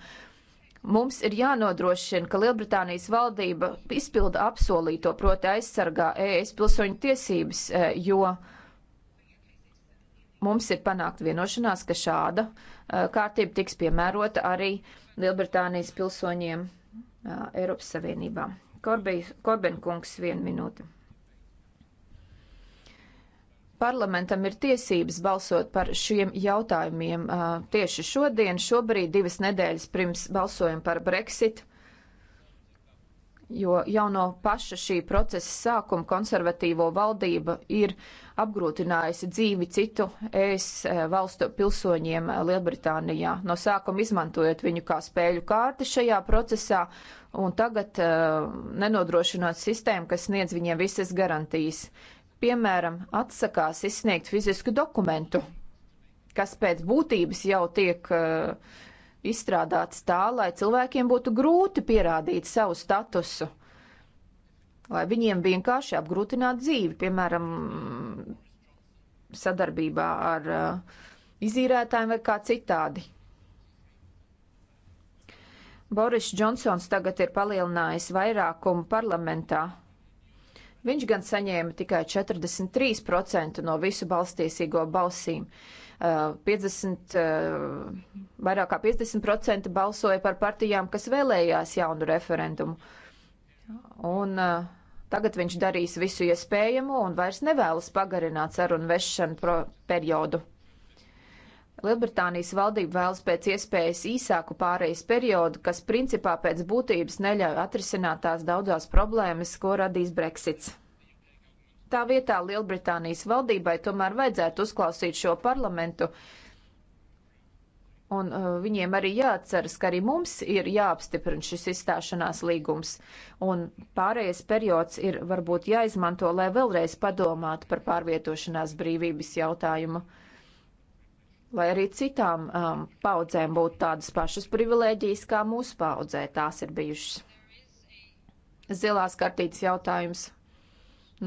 Mums ir jānodrošina, ka Lielbritānijas valdība izpilda apsolīto, proti aizsargā ES pilsoņu tiesības, e, jo mums ir panākt vienošanās, ka šāda e, kārtība tiks piemērota arī Lielbritānijas pilsoņiem e, Eiropas Savienībā. Korbenkungs, viena minūte. Parlamentam ir tiesības balsot par šiem jautājumiem tieši šodien, šobrīd divas nedēļas pirms balsojam par Brexit, jo jau no paša šī procesa sākuma konservatīvo valdība ir apgrūtinājusi dzīvi citu ES valstu pilsoņiem Lielbritānijā, no sākuma izmantojot viņu kā spēļu kārti šajā procesā un tagad nenodrošinot sistēmu, kas sniedz viņiem visas garantijas piemēram, atsakās izsniegt fizisku dokumentu, kas pēc būtības jau tiek uh, izstrādāts tā, lai cilvēkiem būtu grūti pierādīt savu statusu, lai viņiem vienkārši apgrūtinātu dzīvi, piemēram, sadarbībā ar uh, izīrētājiem vai kā citādi. Boris Džonsons tagad ir palielinājis vairākumu parlamentā Viņš gan saņēma tikai 43% no visu balstīsīgo balsīm. 50, uh, uh, vairāk kā 50% balsoja par partijām, kas vēlējās jaunu referendumu. Un uh, tagad viņš darīs visu iespējamo un vairs nevēlas pagarināt sarunu vešanu periodu. Lielbritānijas valdība vēlas pēc iespējas īsāku pārejas periodu, kas principā pēc būtības neļauj atrisināt tās daudzās problēmas, ko radīs Brexits. Tā vietā Lielbritānijas valdībai tomēr vajadzētu uzklausīt šo parlamentu, un uh, viņiem arī jāatceras, ka arī mums ir jāapstiprina šis izstāšanās līgums, un pārējais periods ir varbūt jāizmanto, lai vēlreiz padomātu par pārvietošanās brīvības jautājumu. Uh, lai arī citām um, paudzēm būtu tādas pašas privilēģijas kā mūsu paudzē tās ir bijušas. Zilās kartītes jautājums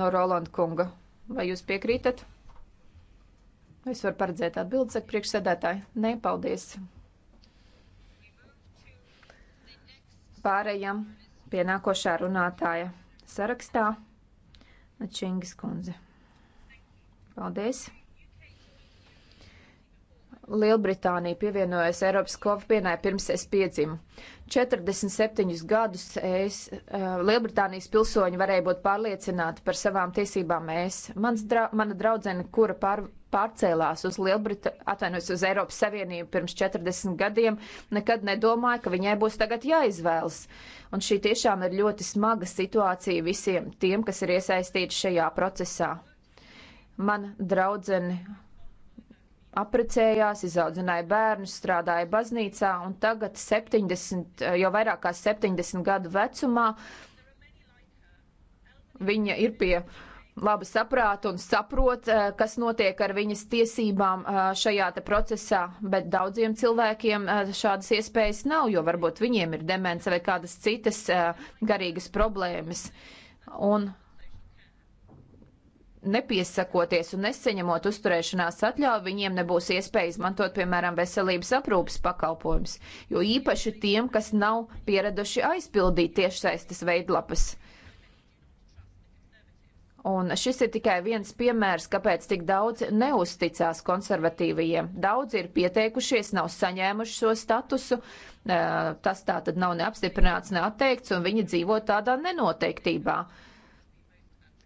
no Rolanda kunga. Vai jūs piekrītat? Es varu paredzēt atbildi, saka priekšsēdētāji. Nē, paldies. Pārējām pie nākošā runātāja sarakstā. Čingis kundze. Paldies! Lielbritānija pievienojas Eiropas kopienai pirms es piedzimu. 47 gadus es, eh, Lielbritānijas pilsoņi varēja būt pārliecināti par savām tiesībām. Es, mans, dra, mana draudzene, kura pār, pārcēlās uz Lielbritāniju, atvainojas uz Eiropas Savienību pirms 40 gadiem, nekad nedomāja, ka viņai būs tagad jāizvēlas. Un šī tiešām ir ļoti smaga situācija visiem tiem, kas ir iesaistīti šajā procesā. Mana draudzene aprecējās, izaudzināja bērnus, strādāja baznīcā un tagad 70, eh, jau vairāk kā 70 gadu vecumā viņa ir pie laba saprāta un saprot, eh, kas notiek ar viņas tiesībām eh, šajā te procesā, bet daudziem cilvēkiem šādas iespējas nav, jo varbūt viņiem ir demence vai kādas citas garīgas problēmas. Un nepiesakoties un nesaņemot uzturēšanās atļauju, viņiem nebūs iespēja izmantot, piemēram, veselības aprūpas pakalpojumus, jo īpaši tiem, kas nav pieraduši aizpildīt tiešsaistes veidlapas. Un šis ir tikai viens piemērs, kāpēc tik daudz neusticās konservatīvajiem. Daudzi ir pieteikušies, nav saņēmuši šo statusu, eh, tas tā tad nav neapstiprināts, neatteikts, un viņi dzīvo tādā nenoteiktībā. Uh,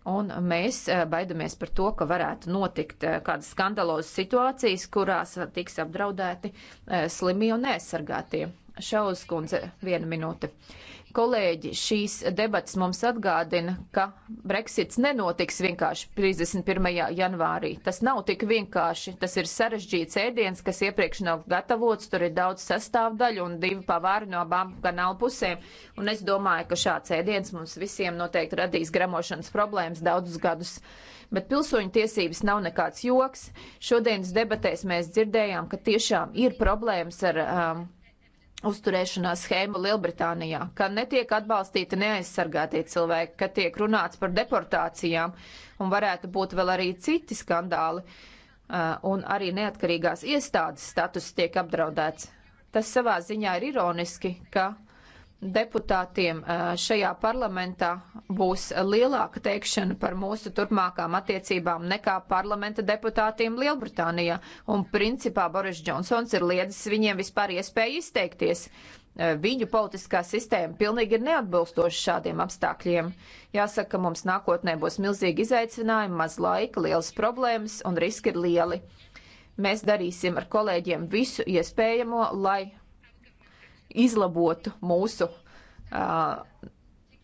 Un mēs eh, baidamies par to, ka varētu notikt eh, kādas skandalozas situācijas, kurās tiks apdraudēti eh, slimie un neaizsargātie. Šauz kundze, viena minūte. Uh, Kolēģi, šīs debatas mums atgādina, ka Brexits nenotiks vienkārši 31. janvārī. Tas nav tik vienkārši. Tas ir sarežģīts ēdiens, kas iepriekš nav gatavots. Tur ir daudz sastāvdaļu un divi pavāri no abām kanāla pusēm. Un es domāju, ka šāds ēdiens mums visiem noteikti radīs gramošanas problēmas daudzus gadus bet pilsoņu tiesības nav nekāds joks. Šodienas debatēs mēs dzirdējām, ka tiešām ir problēmas ar um, uzturēšanās schēmu Lielbritānijā, ka netiek atbalstīti neaizsargātie cilvēki, ka tiek runāts par deportācijām un varētu būt vēl arī citi skandāli, un arī neatkarīgās iestādes status tiek apdraudēts. Tas savā ziņā ir ironiski, ka deputātiem šajā parlamentā būs lielāka teikšana par mūsu turpmākām attiecībām nekā parlamenta deputātiem Lielbritānijā, un principā Boris Džonsons ir liedzis viņiem vispār iespēju izteikties. Viņu politiskā sistēma pilnīgi ir neatbilstoša šādiem apstākļiem. Jāsaka, mums nākotnē būs milzīgi izaicinājumi, maz laika, liels problēmas un riski ir lieli. Mēs darīsim ar kolēģiem visu iespējamo, lai izlabotu mūsu uh,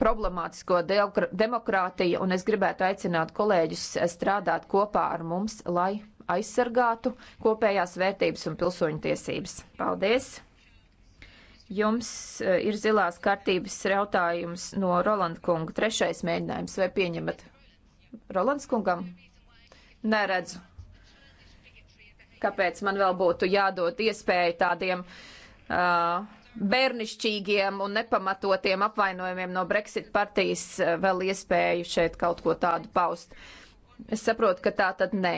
problemātisko demokrātiju, un es gribētu aicināt kolēģus strādāt kopā ar mums, lai aizsargātu kopējās vērtības un pilsoņu tiesības. Paldies! Jums ir zilās kartības jautājums no Rolanda kunga. Trešais mēģinājums. Vai pieņemat Rolands kungam? Neredzu. Kāpēc man vēl būtu jādod iespēju tādiem uh, bērnišķīgiem un nepamatotiem apvainojumiem no Brexit partijas eh, vēl iespēju šeit kaut ko tādu paust. Es saprotu, ka tā tad nē.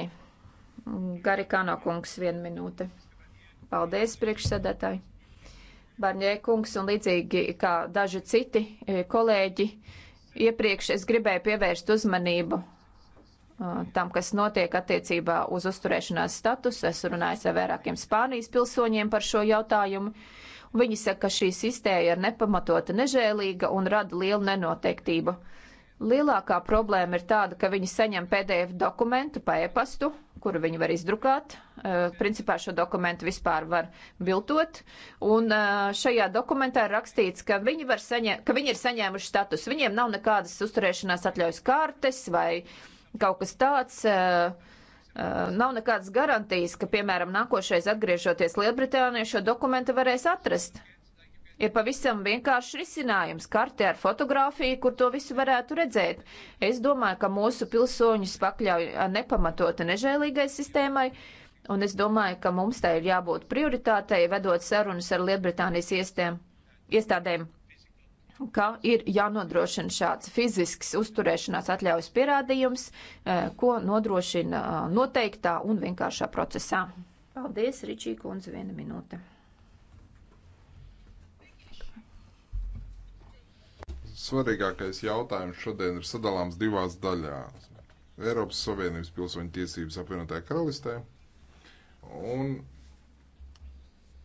Garikāno kungs, viena minūte. Paldies, priekšsēdētāji. Barņē kungs un līdzīgi kā daži citi eh, kolēģi, iepriekš es gribēju pievērst uzmanību eh, tam, kas notiek attiecībā uz uzturēšanās statusu. Es runāju ar vairākiem Spānijas pilsoņiem par šo jautājumu. Uh, Viņi saka, ka šī sistēma ir nepamatota nežēlīga un rada lielu nenoteiktību. Lielākā problēma ir tāda, ka viņi saņem PDF dokumentu pa e-pastu, kuru viņi var izdrukāt. Eh, principā šo dokumentu vispār var viltot. Un eh, šajā dokumentā ir rakstīts, ka viņi, saņem, ka viņi ir saņēmuši status. Viņiem nav nekādas uzturēšanās atļaujas kartes vai kaut kas tāds. Uh, Eh, nav nekādas garantijas, ka, piemēram, nākošais atgriežoties Lielbritānijā šo dokumentu varēs atrast. Ir pavisam vienkārši risinājums, karte ar fotografiju, kur to visu varētu redzēt. Es domāju, ka mūsu pilsoņus pakļauj nepamatota nežēlīgai sistēmai, un es domāju, ka mums tai ir jābūt prioritātei, vedot sarunas ar Lielbritānijas iestēm, iestādēm ka ir jānodrošina šāds fizisks uzturēšanās atļaujas pierādījums, eh, ko nodrošina eh, noteiktā un vienkāršā procesā. Paldies, Ričī kundze, viena minūte. Svarīgākais jautājums šodien ir sadalāms divās daļās. Eiropas Savienības pilsoņu tiesības apvienotajā karalistē un,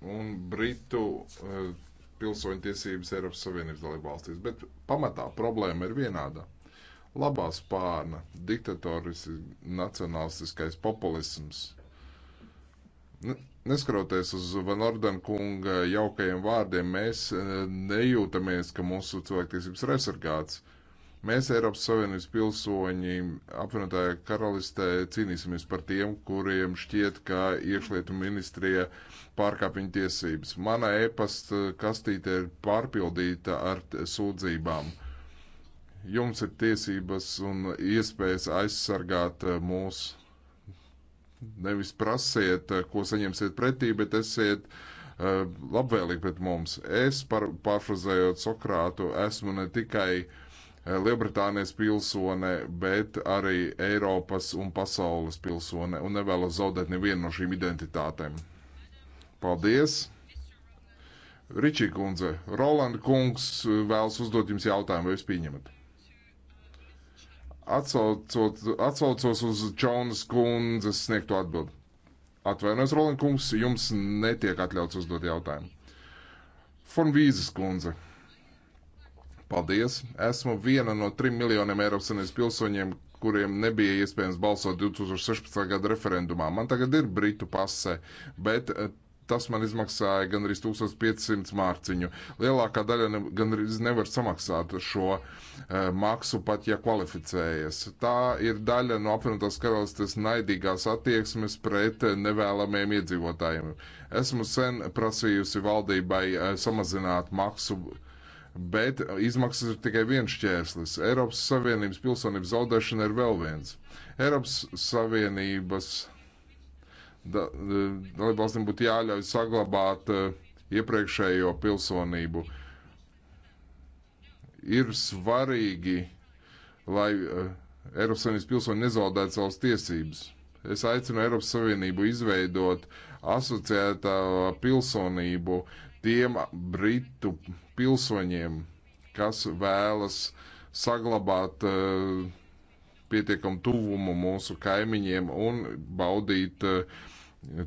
un Britu uh, pilsoņu tiesības Eiropas Savienības dalībvalstīs, bet pamatā problēma ir vienāda. Labā spārna, diktatoris, nacionālistiskais populisms. Neskaroties uz Van Orden kunga jaukajiem vārdiem, mēs eh, nejūtamies, ka mūsu cilvēktiesības ir aizsargāts. Mēs, Eiropas Savienības pilsoņi, apvienotāja karalistē cīnīsimies par tiem, kuriem šķiet, ka iekšlietu ministrija pārkāp viņa tiesības. Mana e-pasta kastīte ir pārpildīta ar sūdzībām. Jums ir tiesības un iespējas aizsargāt mūs. Nevis prasiet, ko saņemsiet pretī, bet esiet uh, labvēlīgi pret mums. Es, par, pārfrazējot Sokrātu, esmu ne tikai uh, Eh, Lielbritānijas pilsone, bet arī Eiropas un pasaules pilsone un nevēlas zaudēt nevienu no šīm identitātēm. Paldies! Ričī kundze, Rolanda kungs eh, vēlas uzdot jums jautājumu, vai jūs pieņemat? Atsaucot, atsaucos uz Čaunas kundzes sniegto atbildi. Atvainojos, Roland kungs, jums netiek atļauts uzdot jautājumu. Fonvīzes kundze. Paldies! Esmu viena no trim miljoniem Eiropas Savienības pilsoņiem, kuriem nebija iespējams balsot 2016. gada referendumā. Man tagad ir britu pase, bet eh, tas man izmaksāja gandrīz 1500 mārciņu. Lielākā daļa ne, gandrīz nevar samaksāt šo e, maksu, pat ja kvalificējies. Tā ir daļa no apvienotās karalistes naidīgās attieksmes pret eh, nevēlamiem iedzīvotājiem. Esmu sen prasījusi valdībai e, samazināt maksu bet izmaksas ir tikai viens šķērslis. Eiropas Savienības pilsonības zaudēšana ir vēl viens. Eiropas Savienības e, dalībvalstīm būtu jāļauj saglabāt uh, iepriekšējo pilsonību. Ir svarīgi, lai uh, Eiropas Savienības pilsoņi nezaudētu savas tiesības. Es aicinu Eiropas Savienību izveidot asociētā pilsonību tiem britu pilsoņiem, kas vēlas saglabāt uh, eh, pietiekamu tuvumu mūsu kaimiņiem un baudīt uh,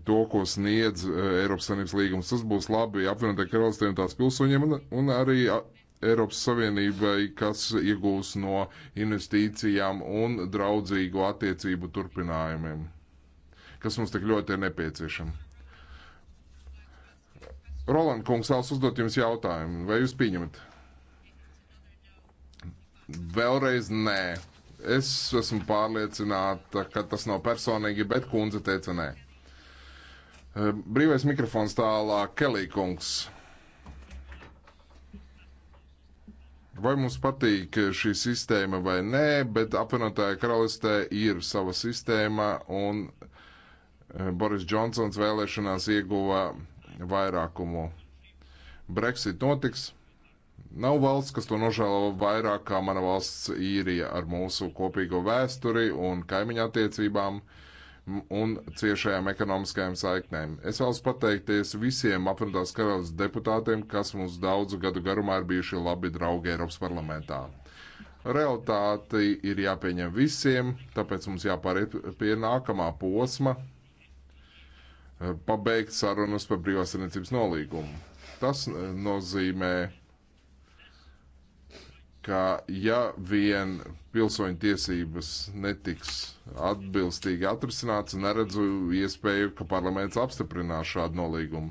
to, ko sniedz uh, Eiropas Savienības līgums. Tas būs labi apvienotai karalistē un tās pilsoņiem un, un arī Eiropas Savienībai, kas iegūs no investīcijām un draudzīgu attiecību turpinājumiem, kas mums tik ļoti ir nepieciešama. Roland kungs vēlas uzdot jums jautājumu. Vai jūs pieņemat? Vēlreiz nē. Es esmu pārliecināta, ka tas nav personīgi, bet kundze teica nē. Eh, brīvais mikrofons tālāk, Kelī kungs. Vai mums patīk šī sistēma vai nē, bet apvienotāja karalistē ir sava sistēma un eh, Boris Džonsons vēlēšanās ieguva vairākumu. Brexit notiks. Nav valsts, kas to nožēlo vairāk kā mana valsts īrija ar mūsu kopīgo vēsturi un kaimiņu attiecībām un ciešajām ekonomiskajām saiknēm. Es vēlos pateikties visiem apvienotās karalistas deputātiem, kas mums daudzu gadu garumā ir bijuši labi draugi Eiropas parlamentā. Realtāti ir jāpieņem visiem, tāpēc mums jāpāriet pie nākamā posma, Eh, pabeigt sarunas par brīvās saimniecības nolīgumu. Tas eh, nozīmē, ka ja vien pilsoņu tiesības netiks atbilstīgi atrisināts, neredzu iespēju, ka parlaments apstiprinās šādu nolīgumu.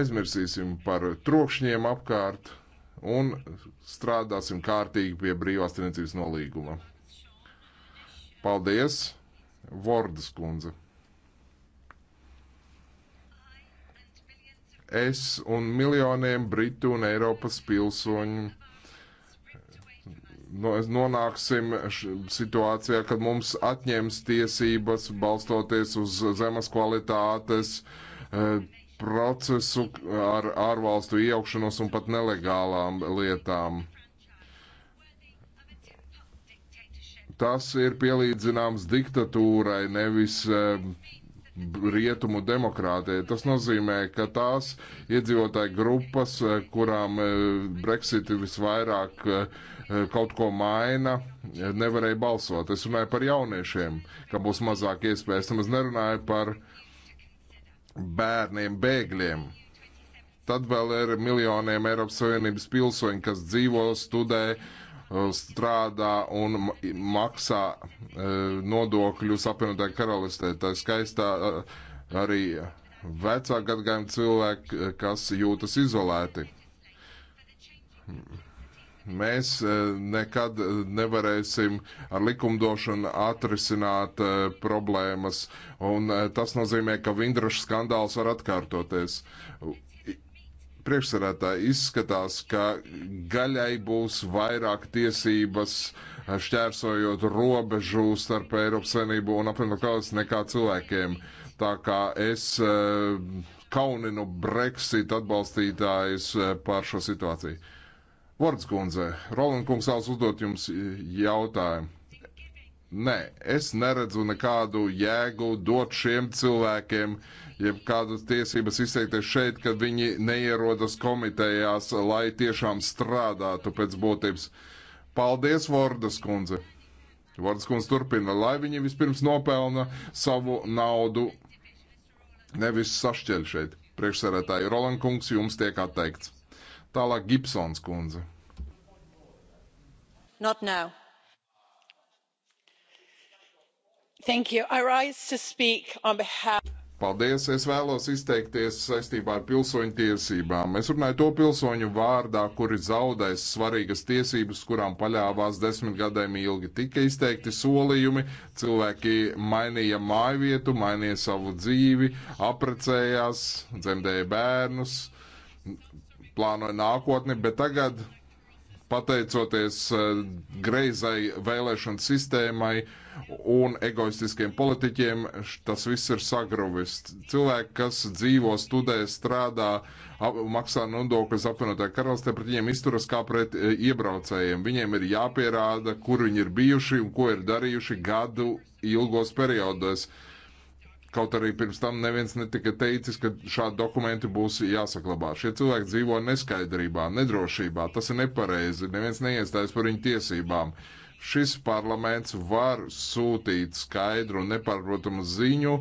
Aizmirsīsim par trokšņiem apkārt un strādāsim kārtīgi pie brīvās tirdzniecības nolīguma. Paldies, Vordas kundze! es un miljoniem Britu un Eiropas pilsoņu nu, nonāksim situācijā, kad mums atņems tiesības balstoties uz zemes kvalitātes e, procesu ar ārvalstu iejaukšanos un pat nelegālām lietām. Tas ir pielīdzināms diktatūrai, nevis e, rietumu demokrātija. Tas nozīmē, ka tās iedzīvotāju grupas, eh, kurām eh, Brexit visvairāk eh, kaut ko maina, nevarēja balsot. Es runāju par jauniešiem, ka būs mazāk iespējas. Tam es nerunāju par bērniem, bēgļiem. Tad vēl ir miljoniem Eiropas Savienības pilsoņu, kas dzīvo, studē, uh, strādā un maksā e, nodokļus apvienotāju karalistē. Tā skaistā e, arī vecā gadgājuma cilvēki, e, kas jūtas izolēti. Mēs nekad nevarēsim ar likumdošanu atrisināt problēmas, un tas nozīmē, ka vindrašu skandāls var atkārtoties priekšsarētāji, izskatās, ka gaļai būs vairāk tiesības eh, šķērsojot robežu starp Eiropas Savienību un apvienot karalistu nekā cilvēkiem. Tā kā es eh, kauninu Brexit atbalstītājus eh, par šo situāciju. Vords kundze, Roland kungs vēlas uzdot jums jautājumu. Nē, es neredzu nekādu jēgu dot šiem cilvēkiem uh, jeb kādas tiesības izteikties šeit, kad viņi neierodas komitejās, lai tiešām strādātu pēc būtības. Paldies, Vordas kundze! Vordas kundze turpina, lai viņi vispirms nopelna savu naudu, nevis sašķeļ šeit. Priekšsarētāji, Roland kungs, jums tiek atteikts. Tālāk Gibsons kundze. Not now. Thank you. I rise to speak on behalf. Paldies! Es vēlos izteikties saistībā ar pilsoņu tiesībām. Es runāju to pilsoņu vārdā, kuri zaudēs svarīgas tiesības, kurām paļāvās desmit gadiem ilgi. Tika izteikti solījumi, cilvēki mainīja mājvietu, mainīja savu dzīvi, aprecējās, dzemdēja bērnus, plānoja nākotni, bet tagad pateicoties eh, greizai vēlēšanu sistēmai un egoistiskiem politiķiem, tas viss ir sagruvis. Cilvēki, kas dzīvo, studē, strādā, ap, maksā nodokļus apvienotajā karalistē, pret viņiem izturas kā pret eh, iebraucējiem. Viņiem ir jāpierāda, kur viņi ir bijuši un ko ir darījuši gadu ilgos periodos. Uh, Kaut arī pirms tam neviens netika teicis, ka šādi dokumenti būs jāsaklabā. Šie cilvēki dzīvo neskaidrībā, nedrošībā. Tas ir nepareizi. Neviens neiestājas par viņu tiesībām. Šis parlaments var sūtīt skaidru un nepārprotamu ziņu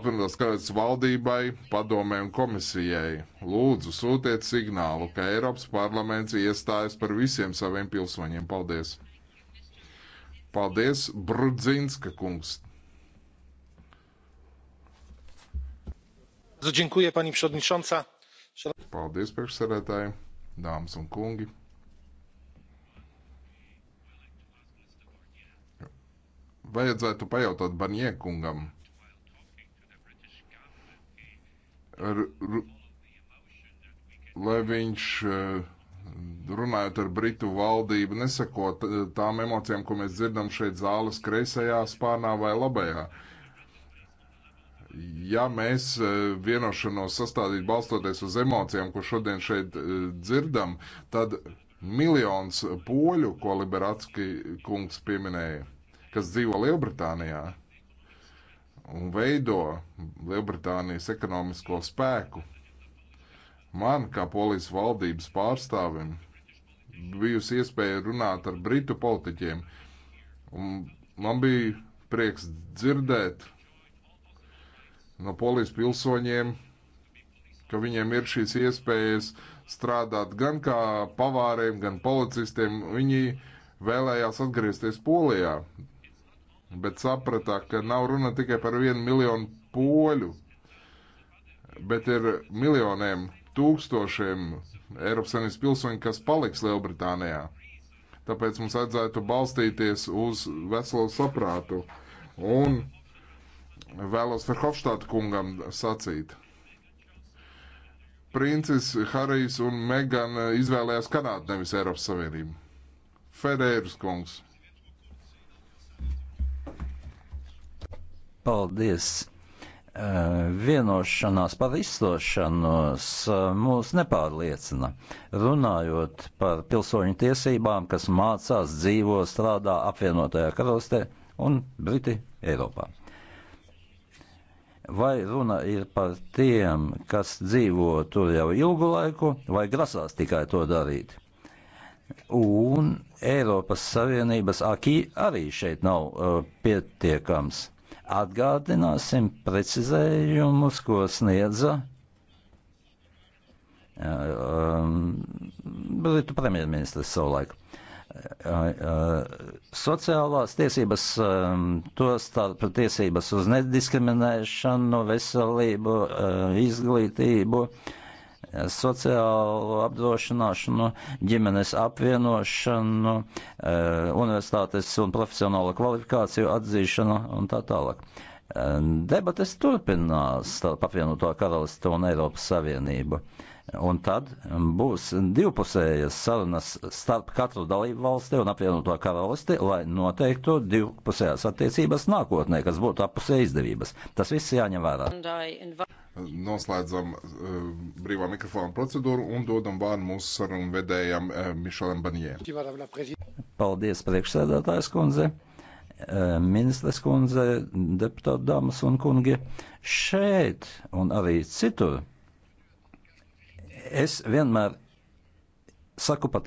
apvienotās karalists valdībai, padomē un komisijai. Lūdzu, sūtiet signālu, ka Eiropas parlaments iestājas par visiem saviem pilsoņiem. Paldies! Paldies, Brudzinska kungs! Paldies, priekšsēdētāji, dāmas un kungi! Vajadzētu pajautāt Barniekungam. Lai viņš eh, runājot ar Britu valdību, nesakot eh, tām emocijām, ko mēs dzirdam šeit zāles kreisajā spārnā vai labajā. Uh, ja mēs e, vienošanos sastādīt balstoties uz emocijām, ko šodien šeit e, dzirdam, tad miljons poļu, ko Liberatski kungs pieminēja, kas dzīvo Lielbritānijā un veido Lielbritānijas ekonomisko spēku, man kā polijas valdības pārstāvim bijusi iespēja runāt ar britu politiķiem, un man bija prieks dzirdēt no polijas pilsoņiem, ka viņiem ir šīs iespējas strādāt gan kā pavāriem, gan policistiem. Viņi vēlējās atgriezties Polijā, bet sapratā, ka nav runa tikai par vienu miljonu poļu, bet ir miljoniem, tūkstošiem Eiropas Savienības pilsoņu, kas paliks Lielbritānijā. Tāpēc mums vajadzētu balstīties uz veselu saprātu. Un Vēlos Verhofstāta kungam sacīt. Princis Harijs un Megan izvēlējās Kanādu, nevis Eiropas Savienību. Federers kungs. Paldies! Eh, vienošanās par izstošanos eh, mūs nepārliecina. Runājot par pilsoņu tiesībām, kas mācās, dzīvo, strādā apvienotajā karalistē un Briti Eiropā. Vai runa ir par tiem, kas dzīvo tur jau ilgu laiku, vai grasās tikai to darīt? Un Eiropas Savienības akī arī šeit nav uh, pietiekams. Atgādināsim precizējumus, ko sniedza uh, um, Britu premjerministrs savulaik sociālās tiesības, um, to starp tiesības uz nediskriminēšanu, veselību, uh, izglītību, sociālo apdrošināšanu, ģimenes apvienošanu, uh, universitātes un profesionālo kvalifikāciju atzīšanu un tā tālāk. Uh, debates turpinās starp apvienoto karalistu un Eiropas Savienību. Uh, Un tad būs divpusējas sarunas starp katru dalību valsti un apvienoto karalisti, lai noteiktu divpusējās attiecības nākotnē, kas būtu apusē izdevības. Tas viss jāņem vērā. Noslēdzam uh, brīvā mikrofona procedūru un dodam vārdu mūsu sarunu vedējam uh, Mišelam Banjē. Paldies, priekšsēdētājs kundze eh, ministres kundze, deputāti, dāmas un kungi, šeit un arī citur Es vienmēr saku patiesību.